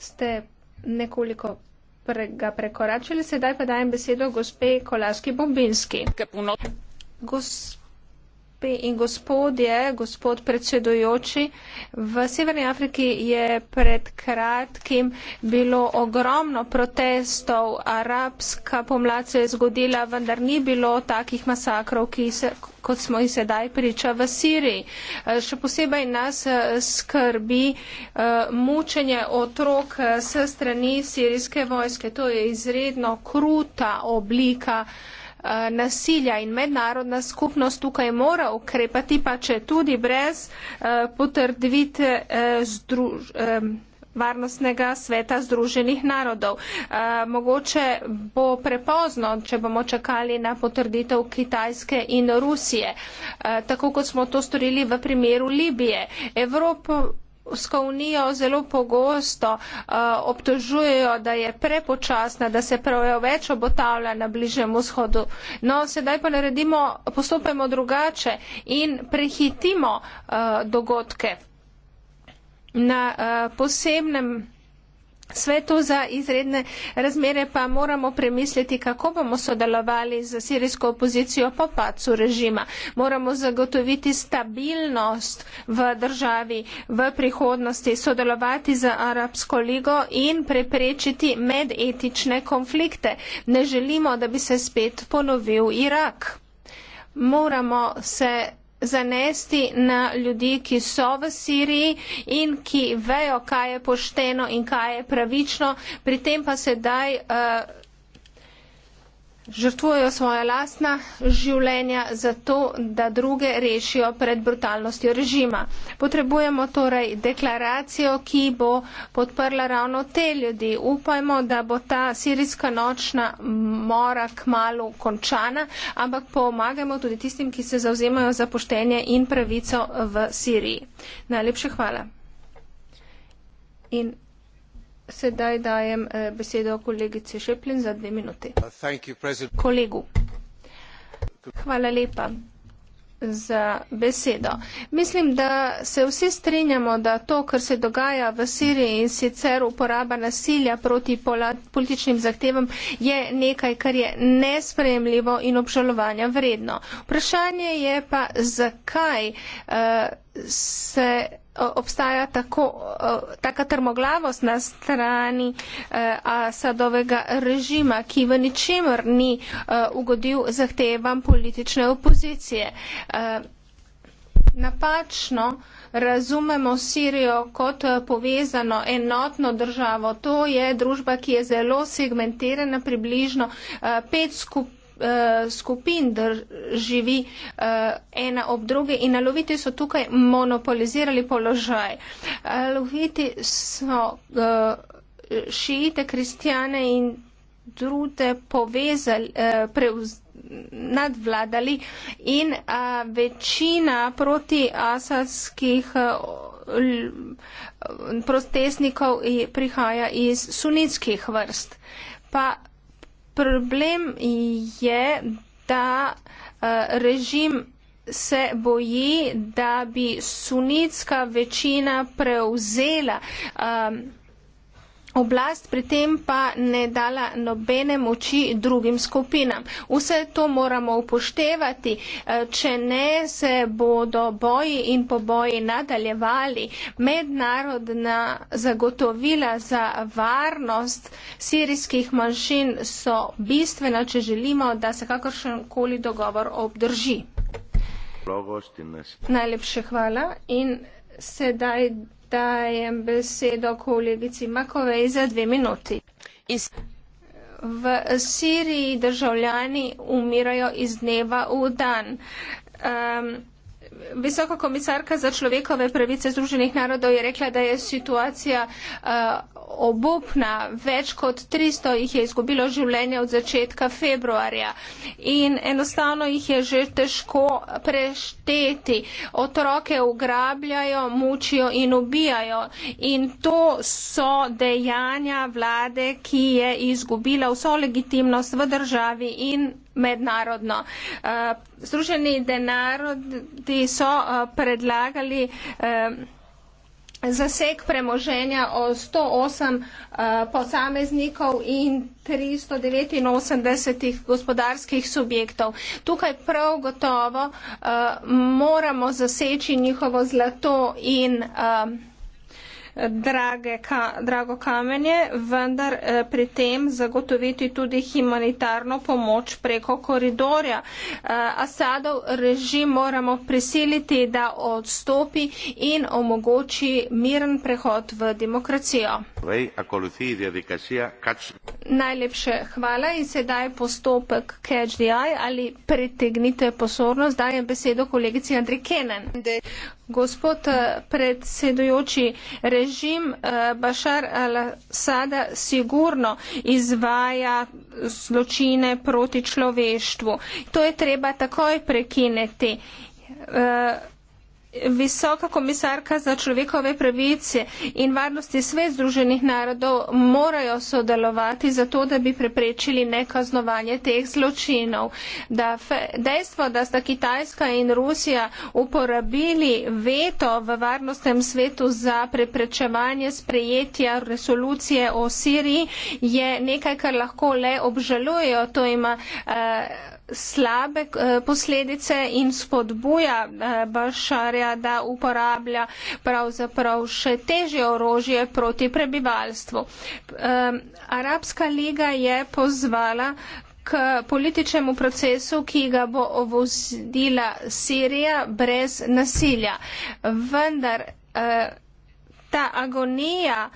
ste nekoliko pre, ga prekoračili. Sedaj pa dajem besedo gospe Kolaski Bombinski. Gosp Gospe in gospodje, gospod predsedujoči, v Severni Afriki je pred kratkim bilo ogromno protestov, arabska pomlad se je zgodila, vendar ni bilo takih masakrov, ki se kot smo jih sedaj priča v Siriji. Eh, še posebej nas eh, skrbi eh, mučenje otrok s strani sirijske vojske. To je izredno kruta oblika Eh, nasilja in mednarodna skupnost tukaj mora ukrepati, pa če tudi brez eh, potrditve eh, varnostnega sveta Združenih narodov. Mogoče bo prepozno, če bomo čakali na potrditev Kitajske in Rusije, tako kot smo to storili v primeru Libije. Evropa Evropsko unijo zelo pogosto uh, obtožujejo, da je prepočasna, da se preveč obotavlja na bližnjem vzhodu. No, sedaj pa naredimo, postopajmo drugače in prehitimo uh, dogodke na uh, posebnem. Sve to za izredne razmere pa moramo premisliti, kako bomo sodelovali z sirijsko opozicijo po pacu režima. Moramo zagotoviti stabilnost v državi v prihodnosti, sodelovati z Arabsko ligo in preprečiti medetične konflikte. Ne želimo, da bi se spet ponovil Irak. Moramo se zanesti na ljudi, ki so v Siriji in ki vejo, kaj je pošteno in kaj je pravično. Pri tem pa sedaj. Uh, žrtvujejo svoje lastna življenja za to, da druge rešijo pred brutalnostjo režima. Potrebujemo torej deklaracijo, ki bo podprla ravno te ljudi. Upajmo, da bo ta sirijska nočna mora kmalo končana, ampak pomagajmo tudi tistim, ki se zauzemajo za poštenje in pravico v Siriji. Najlepše hvala. In Sedaj dajem eh, besedo kolegici Šeplin za dve minuti. Uh, Kolegu. Hvala lepa za besedo. Mislim, da se vsi strinjamo, da to, kar se dogaja v Siriji in sicer uporaba nasilja proti političnim zahtevam, je nekaj, kar je nespremljivo in obžalovanja vredno. Vprašanje je pa, zakaj uh, se obstaja tako, taka trmoglavost na strani e, Asadovega režima, ki v ničemer ni e, ugodil zahtevam politične opozicije. E, napačno razumemo Sirijo kot povezano enotno državo. To je družba, ki je zelo segmentirana, približno pet skupin Eh, skupin, da živi eh, ena ob druge in aloviti so tukaj monopolizirali položaj. Aloviti so eh, šiite, kristijane in drute povezali, preuzdali nadvladali in a, večina proti asadskih protestnikov prihaja iz sunitskih vrst. Pa problem je, da eh, režim se boji, da bi sunitska večina prevzela um, Oblast pri tem pa ne dala nobene moči drugim skupinam. Vse to moramo upoštevati, eh, če ne se bodo boji in poboji nadaljevali. Mednarodna zagotovila za varnost sirijskih manjšin so bistvena, če želimo, da se kakršen koli dogovor obdrži. Najlepše hvala in sedaj. Dajem besedo kolegici Makovej za dve minuti. Is v Siriji državljani umirajo iz dneva v dan. Um, Visoka komisarka za človekove pravice Združenih narodov je rekla, da je situacija uh, obupna. Več kot 300 jih je izgubilo življenje od začetka februarja in enostavno jih je že težko prešteti. Otroke ugrabljajo, mučijo in ubijajo in to so dejanja vlade, ki je izgubila vso legitimnost v državi in mednarodno. Eh, Združeni denarodi so eh, predlagali eh, zaseg premoženja o 108 uh, eh, posameznikov in 389 gospodarskih subjektov. Tukaj prav gotovo uh, moramo zaseči njihovo zlato in uh, drage ka, drago kamenje, vendar eh, pri tem zagotoviti tudi humanitarno pomoč preko koridorja. Eh, Asadov režim moramo prisiliti, da odstopi in omogoči miren prehod v demokracijo. Najlepše hvala in sedaj postopek KHDI ali pritegnite pozornost, dajem besedo kolegici Andri Kenen. Gospod eh, predsedujoči, režim eh, Bašar al-Sada sigurno izvaja zločine proti človeštvu. To je treba takoj prekineti. Eh, visoka komisarka za človekove pravice in varnosti svet združenih narodov morajo sodelovati za to, da bi preprečili nekaznovanje teh zločinov. Da dejstvo, da sta Kitajska in Rusija uporabili veto v varnostnem svetu za preprečevanje sprejetja resolucije o Siriji, je nekaj, kar lahko le obžalujejo. To ima uh, slabe eh, posledice in spodbuja eh, Bašarja, da uporablja pravzaprav še težje orožje proti prebivalstvu. Arabska liga je pozvala k političnemu procesu, ki ga bo ovozdila Sirija brez nasilja. Vendar eh, ta agonija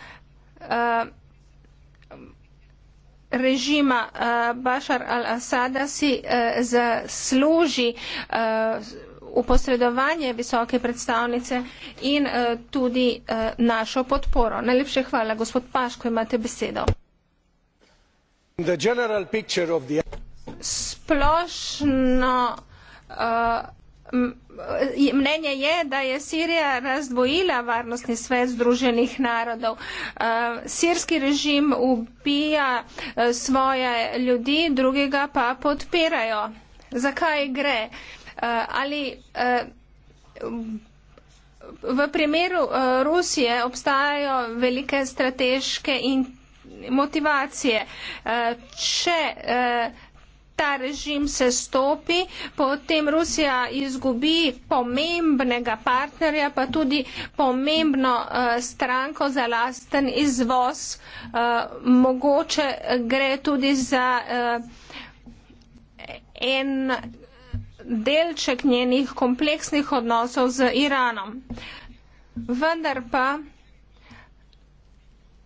režima uh, eh, Bašar al-Assada si uh, zasluži eh, uposredovanje uh, visoke predstavnice in uh, tudi uh, našo podporo. Najlepše hvala, gospod Paško, imate besedo. The Splošno uh, Mnenje je, da je Sirija razdvojila varnostni svet Združenih narodov. Uh, sirski režim ubija uh, svoje ljudi, drugega pa podpirajo. Zakaj gre? Uh, ali v primeru Rusije obstajajo velike strateške in motivacije. Če ta režim se stopi, potem Rusija izgubi pomembnega partnerja, pa tudi pomembno uh, stranko za lasten izvoz. Uh, mogoče gre tudi za uh, en delček njenih kompleksnih odnosov z Iranom. Vendar pa,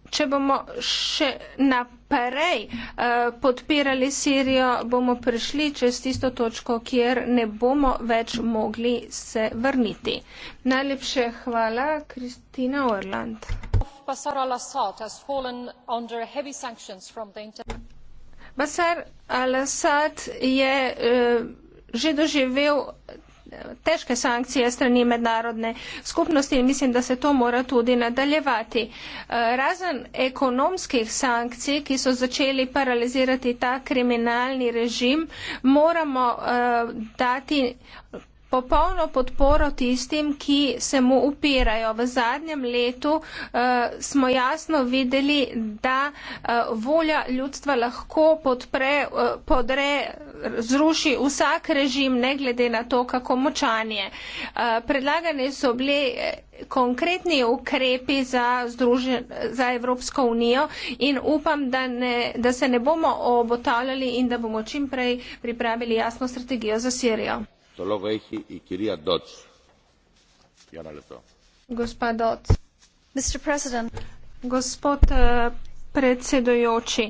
če bomo še naprej prej uh, podpirali Sirijo, bomo prišli čez tisto točko, kjer ne bomo več mogli se vrniti. Najlepše hvala, Kristina Orland. Basar al-Assad je uh, že doživel težke sankcije strani mednarodne skupnosti in mislim, da se to mora tudi nadaljevati. Eh, razen ekonomskih sankcij, ki so začeli paralizirati ta kriminalni režim, moramo eh, dati popolno podporo tistim, ki se mu upirajo. V zadnjem letu uh, smo jasno videli, da uh, volja ljudstva lahko podpre, uh, podre, zruši vsak režim, ne glede na to, kako močan je. Uh, predlagane so bile konkretni ukrepi za, združen, za Evropsko unijo in upam, da, ne, da se ne bomo obotavljali in da bomo čim prej pripravili jasno strategijo za Sirijo gospod predsedujoči jaz sem prepričana da je treba podpreti to resolucijo.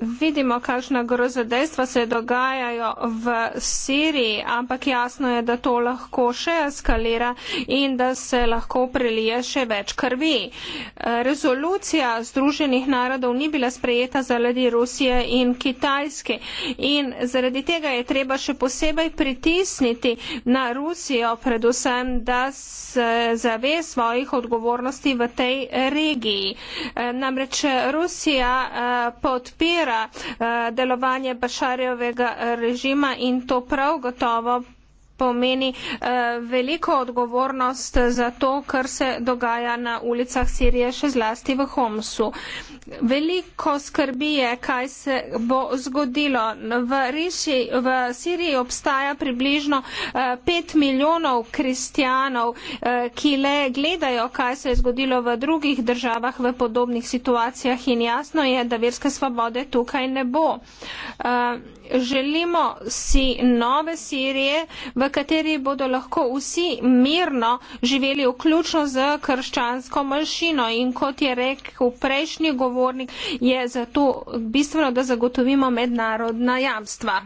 Vidimo, kakšna grozodejstva se dogajajo v Siriji, ampak jasno je, da to lahko še eskalira in da se lahko prelije še več krvi. Eh, Rezolucija Združenih narodov ni bila sprejeta zaradi Rusije in Kitajske in zaradi tega je treba še posebej pritisniti na Rusijo, predvsem, da se zave svojih odgovornosti v tej regiji. Eh, Namreč Rusija eh, podpira podpira eh, delovanje Bašarjevega režima in to prav gotovo pomeni eh, veliko odgovornost za to, kar se dogaja na ulicah Sirije, še zlasti v Homsu. Veliko skrbi je, kaj se bo zgodilo. V, Riši, v Siriji obstaja približno 5 eh, milijonov kristjanov, eh, ki le gledajo, kaj se je zgodilo v drugih državah v podobnih situacijah in jasno je, da verske svobode tukaj ne bo. Želimo si nove Sirije, v kateri bodo lahko vsi mirno živeli, vključno z krščansko manjšino. In kot je rekel prejšnji govornik, je zato bistveno, da zagotovimo mednarodna jamstva.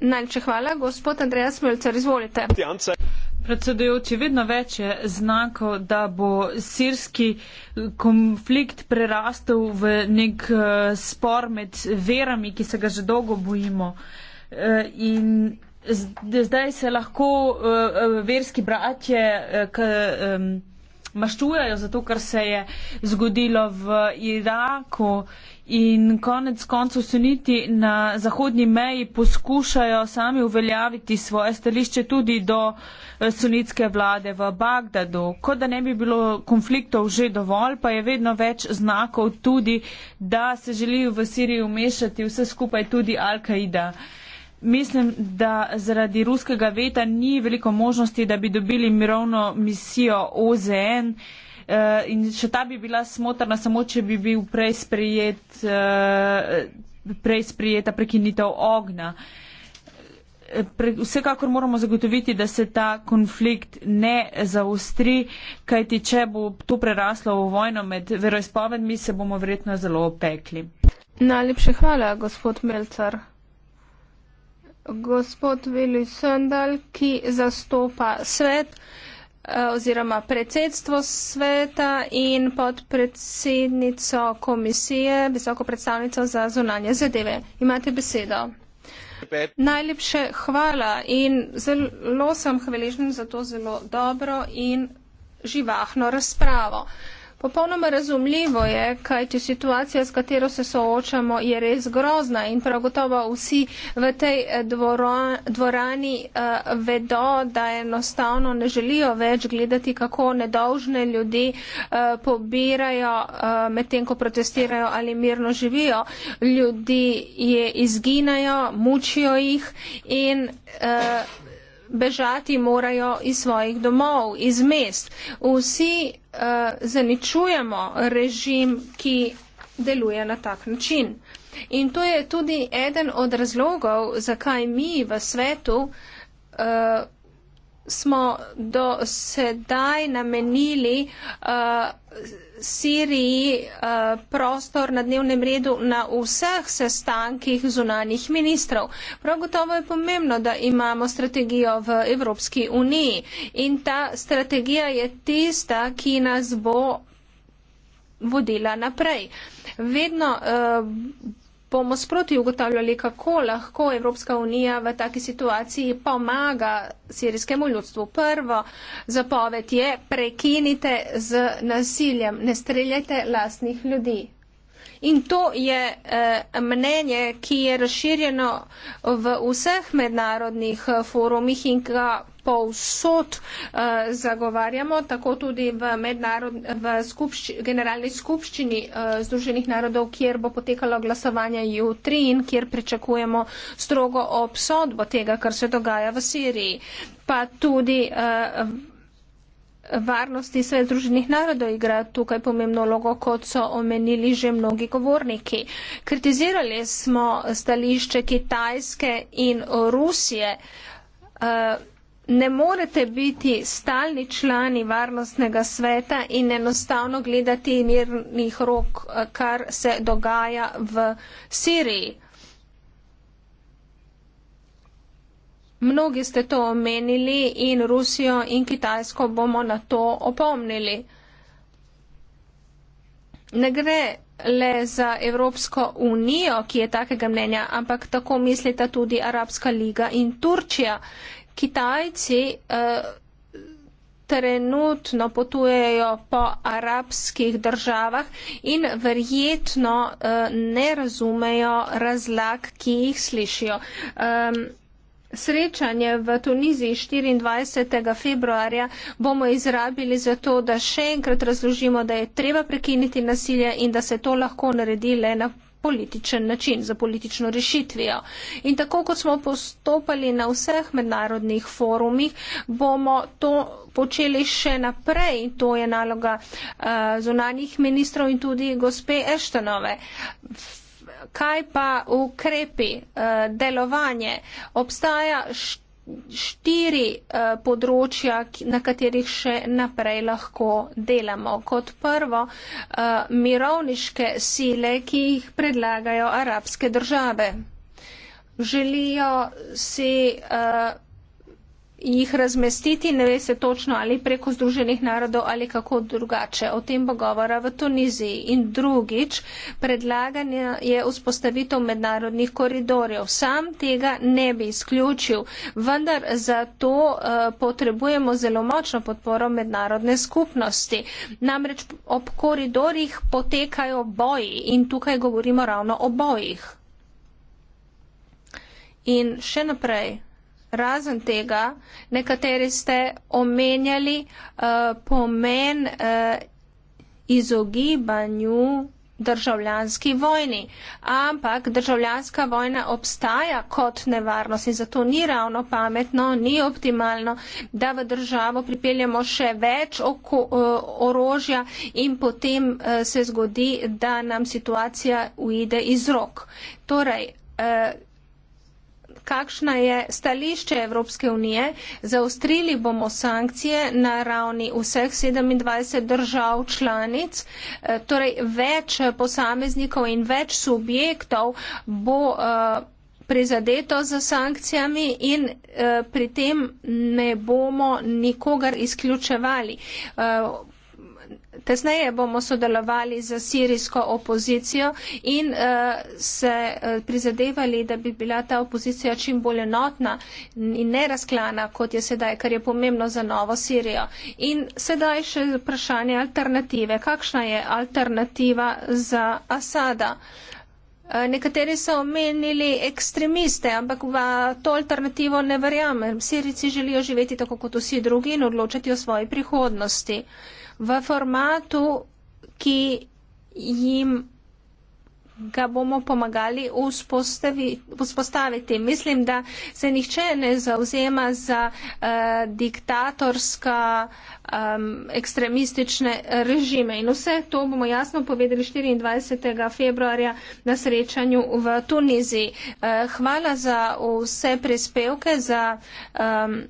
Najlepše hvala, gospod Andreja Smilcer, izvolite. Predsedujoči, vedno več je znakov, da bo sirski konflikt prerastel v nek eh, spor med verami, ki se ga že dolgo bojimo. Eh, in zdaj se lahko eh, eh, verski bratje k, um, maščujajo za to, kar se je zgodilo v Iraku in konec koncu suniti na zahodnji meji poskušajo sami uveljaviti svoje stališče tudi do sunitske vlade v Bagdadu. Kot da ne bi bilo konfliktov že dovolj, pa je vedno več znakov tudi, da se želijo v Siriji umešati vse skupaj tudi Al-Qaida. Uh, mislim, da zaradi ruskega veta ni veliko možnosti, da bi dobili mirovno misijo OZN. Eh, in še ta bi bila smotrna, samo če bi bil prej, sprejet, eh, prej sprejeta prekinitev ognja. Eh, vsekakor moramo zagotoviti, da se ta konflikt ne zaostri, kajti če bo to preraslo v vojno med veroizpovedmi, se bomo verjetno zelo opekli. Najlepše hvala, gospod Melcar gospod Vili Söndal, ki zastopa svet eh, oziroma predsedstvo sveta in podpredsednico komisije, visoko predstavnico za zunanje zadeve. Imate besedo. Najlepše hvala in zelo sem hvaležen za to zelo dobro in živahno razpravo. Uh, Popolnoma razumljivo je, kaj ti situacija, s katero se soočamo, je res grozna in prav gotovo vsi v tej eh, dvorani eh, vedo, da enostavno ne želijo več gledati, kako nedolžne ljudi eh, pobirajo medtem, ko protestirajo ali mirno živijo. Ljudi je izginajo, mučijo jih in bežati morajo iz svojih domov, iz mest. Vsi uh, zaničujemo režim, ki deluje na tak način. In to je tudi eden od razlogov, zakaj mi v svetu uh, smo do sedaj namenili uh, Siriji uh, prostor na dnevnem redu na vseh sestankih zunanih ministrov. Prav gotovo je pomembno, da imamo strategijo v Evropski uniji in ta strategija je tista, ki nas bo vodila naprej. Vedno uh, bomo sproti ugotavljali, kako lahko Evropska unija v taki situaciji pomaga sirijskemu ljudstvu. Prvo zapoved je prekinite z nasiljem, ne streljajte lastnih ljudi. In to je eh, mnenje, ki je razširjeno v vseh mednarodnih forumih in ga povsod uh, zagovarjamo, tako tudi v, v skupšč, generalni skupščini uh, Združenih narodov, kjer bo potekalo glasovanje jutri in kjer pričakujemo strogo obsodbo tega, kar se dogaja v Siriji. Pa tudi uh, varnosti svet Združenih narodov igra tukaj pomembno logo, kot so omenili že mnogi govorniki. Kritizirali smo stališče Kitajske in Rusije. Uh, ne morete biti stalni člani varnostnega sveta in enostavno gledati mirnih rok, kar se dogaja v Siriji. Mnogi ste to omenili in Rusijo in Kitajsko bomo na to opomnili. Ne gre le za Evropsko unijo, ki je takega mnenja, ampak tako mislita tudi Arabska liga in Turčija, Kitajci eh, trenutno potujejo po arabskih državah in verjetno eh, ne razumejo razlag, ki jih slišijo. Srečanje v Tuniziji 24. februarja bomo izrabili za to, da še enkrat razložimo, da je treba prekiniti nasilje in da se to lahko naredi le na političen način, za politično rešitvijo. In tako kot smo postopali na vseh mednarodnih forumih, bomo to počeli še naprej. To je naloga uh, zunanjih ministrov in tudi gospe Eštenove. Kaj pa ukrepi, uh, delovanje? Obstaja štiri eh, področja, na katerih še naprej lahko delamo. Kot prvo, eh, mirovniške sile, ki jih predlagajo arabske države. Želijo si eh, jih razmestiti, ne ve se točno ali preko Združenih narodov ali kako drugače. O tem bo govora v Tuniziji. In drugič, predlaganje je vzpostavitev mednarodnih koridorjev. Sam tega ne bi izključil, vendar za to uh, potrebujemo zelo močno podporo mednarodne skupnosti. Namreč ob koridorjih potekajo boji in tukaj govorimo ravno o bojih. In še naprej. Razen tega, nekateri ste omenjali uh, pomen uh, izogibanju državljanski vojni, ampak državljanska vojna obstaja kot nevarnost in zato ni ravno pametno, ni optimalno, da v državo pripeljamo še več oko, uh, orožja in potem uh, se zgodi, da nam situacija ujde iz rok. Torej, uh, kakšna je stališče Evropske unije. Zaostrili bomo sankcije na ravni vseh 27 držav članic, e, torej več posameznikov in več subjektov bo e, prizadeto za sankcijami in eh, pri tem ne bomo nikogar izključevali. Eh, Tesneje bomo sodelovali z sirijsko opozicijo in uh, se uh, prizadevali, da bi bila ta opozicija čim bolj enotna in ne razklana, kot je sedaj, kar je pomembno za novo Sirijo. In sedaj še vprašanje alternative. Kakšna je alternativa za Asada? Eh, nekateri so omenili ekstremiste, ampak v to alternativo ne verjamem. Sirici želijo živeti tako kot vsi drugi in odločati o svoji prihodnosti. Uh, v formatu, ki jim ga bomo pomagali vzpostaviti. Mislim, da se nihče ne zauzema za uh, diktatorska um, ekstremistične režime. In vse to bomo jasno povedali 24. februarja na srečanju v Tuniziji. Uh, hvala za vse prispevke, za. Um,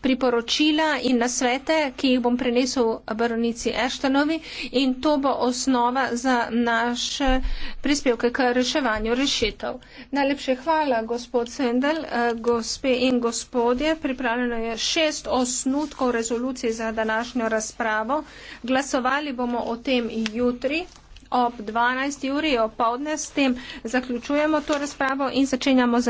priporočila in nasvete, ki jih bom prenesel baronici Eštanovi in to bo osnova za naše prispevke k reševanju rešitev. Najlepše hvala, gospod Sendel, eh, gospe in gospodje. Pripravljeno je šest osnutkov rezolucije za današnjo razpravo. Glasovali bomo o tem jutri ob 12. uri opovdne. S tem zaključujemo to razpravo in začenjamo z.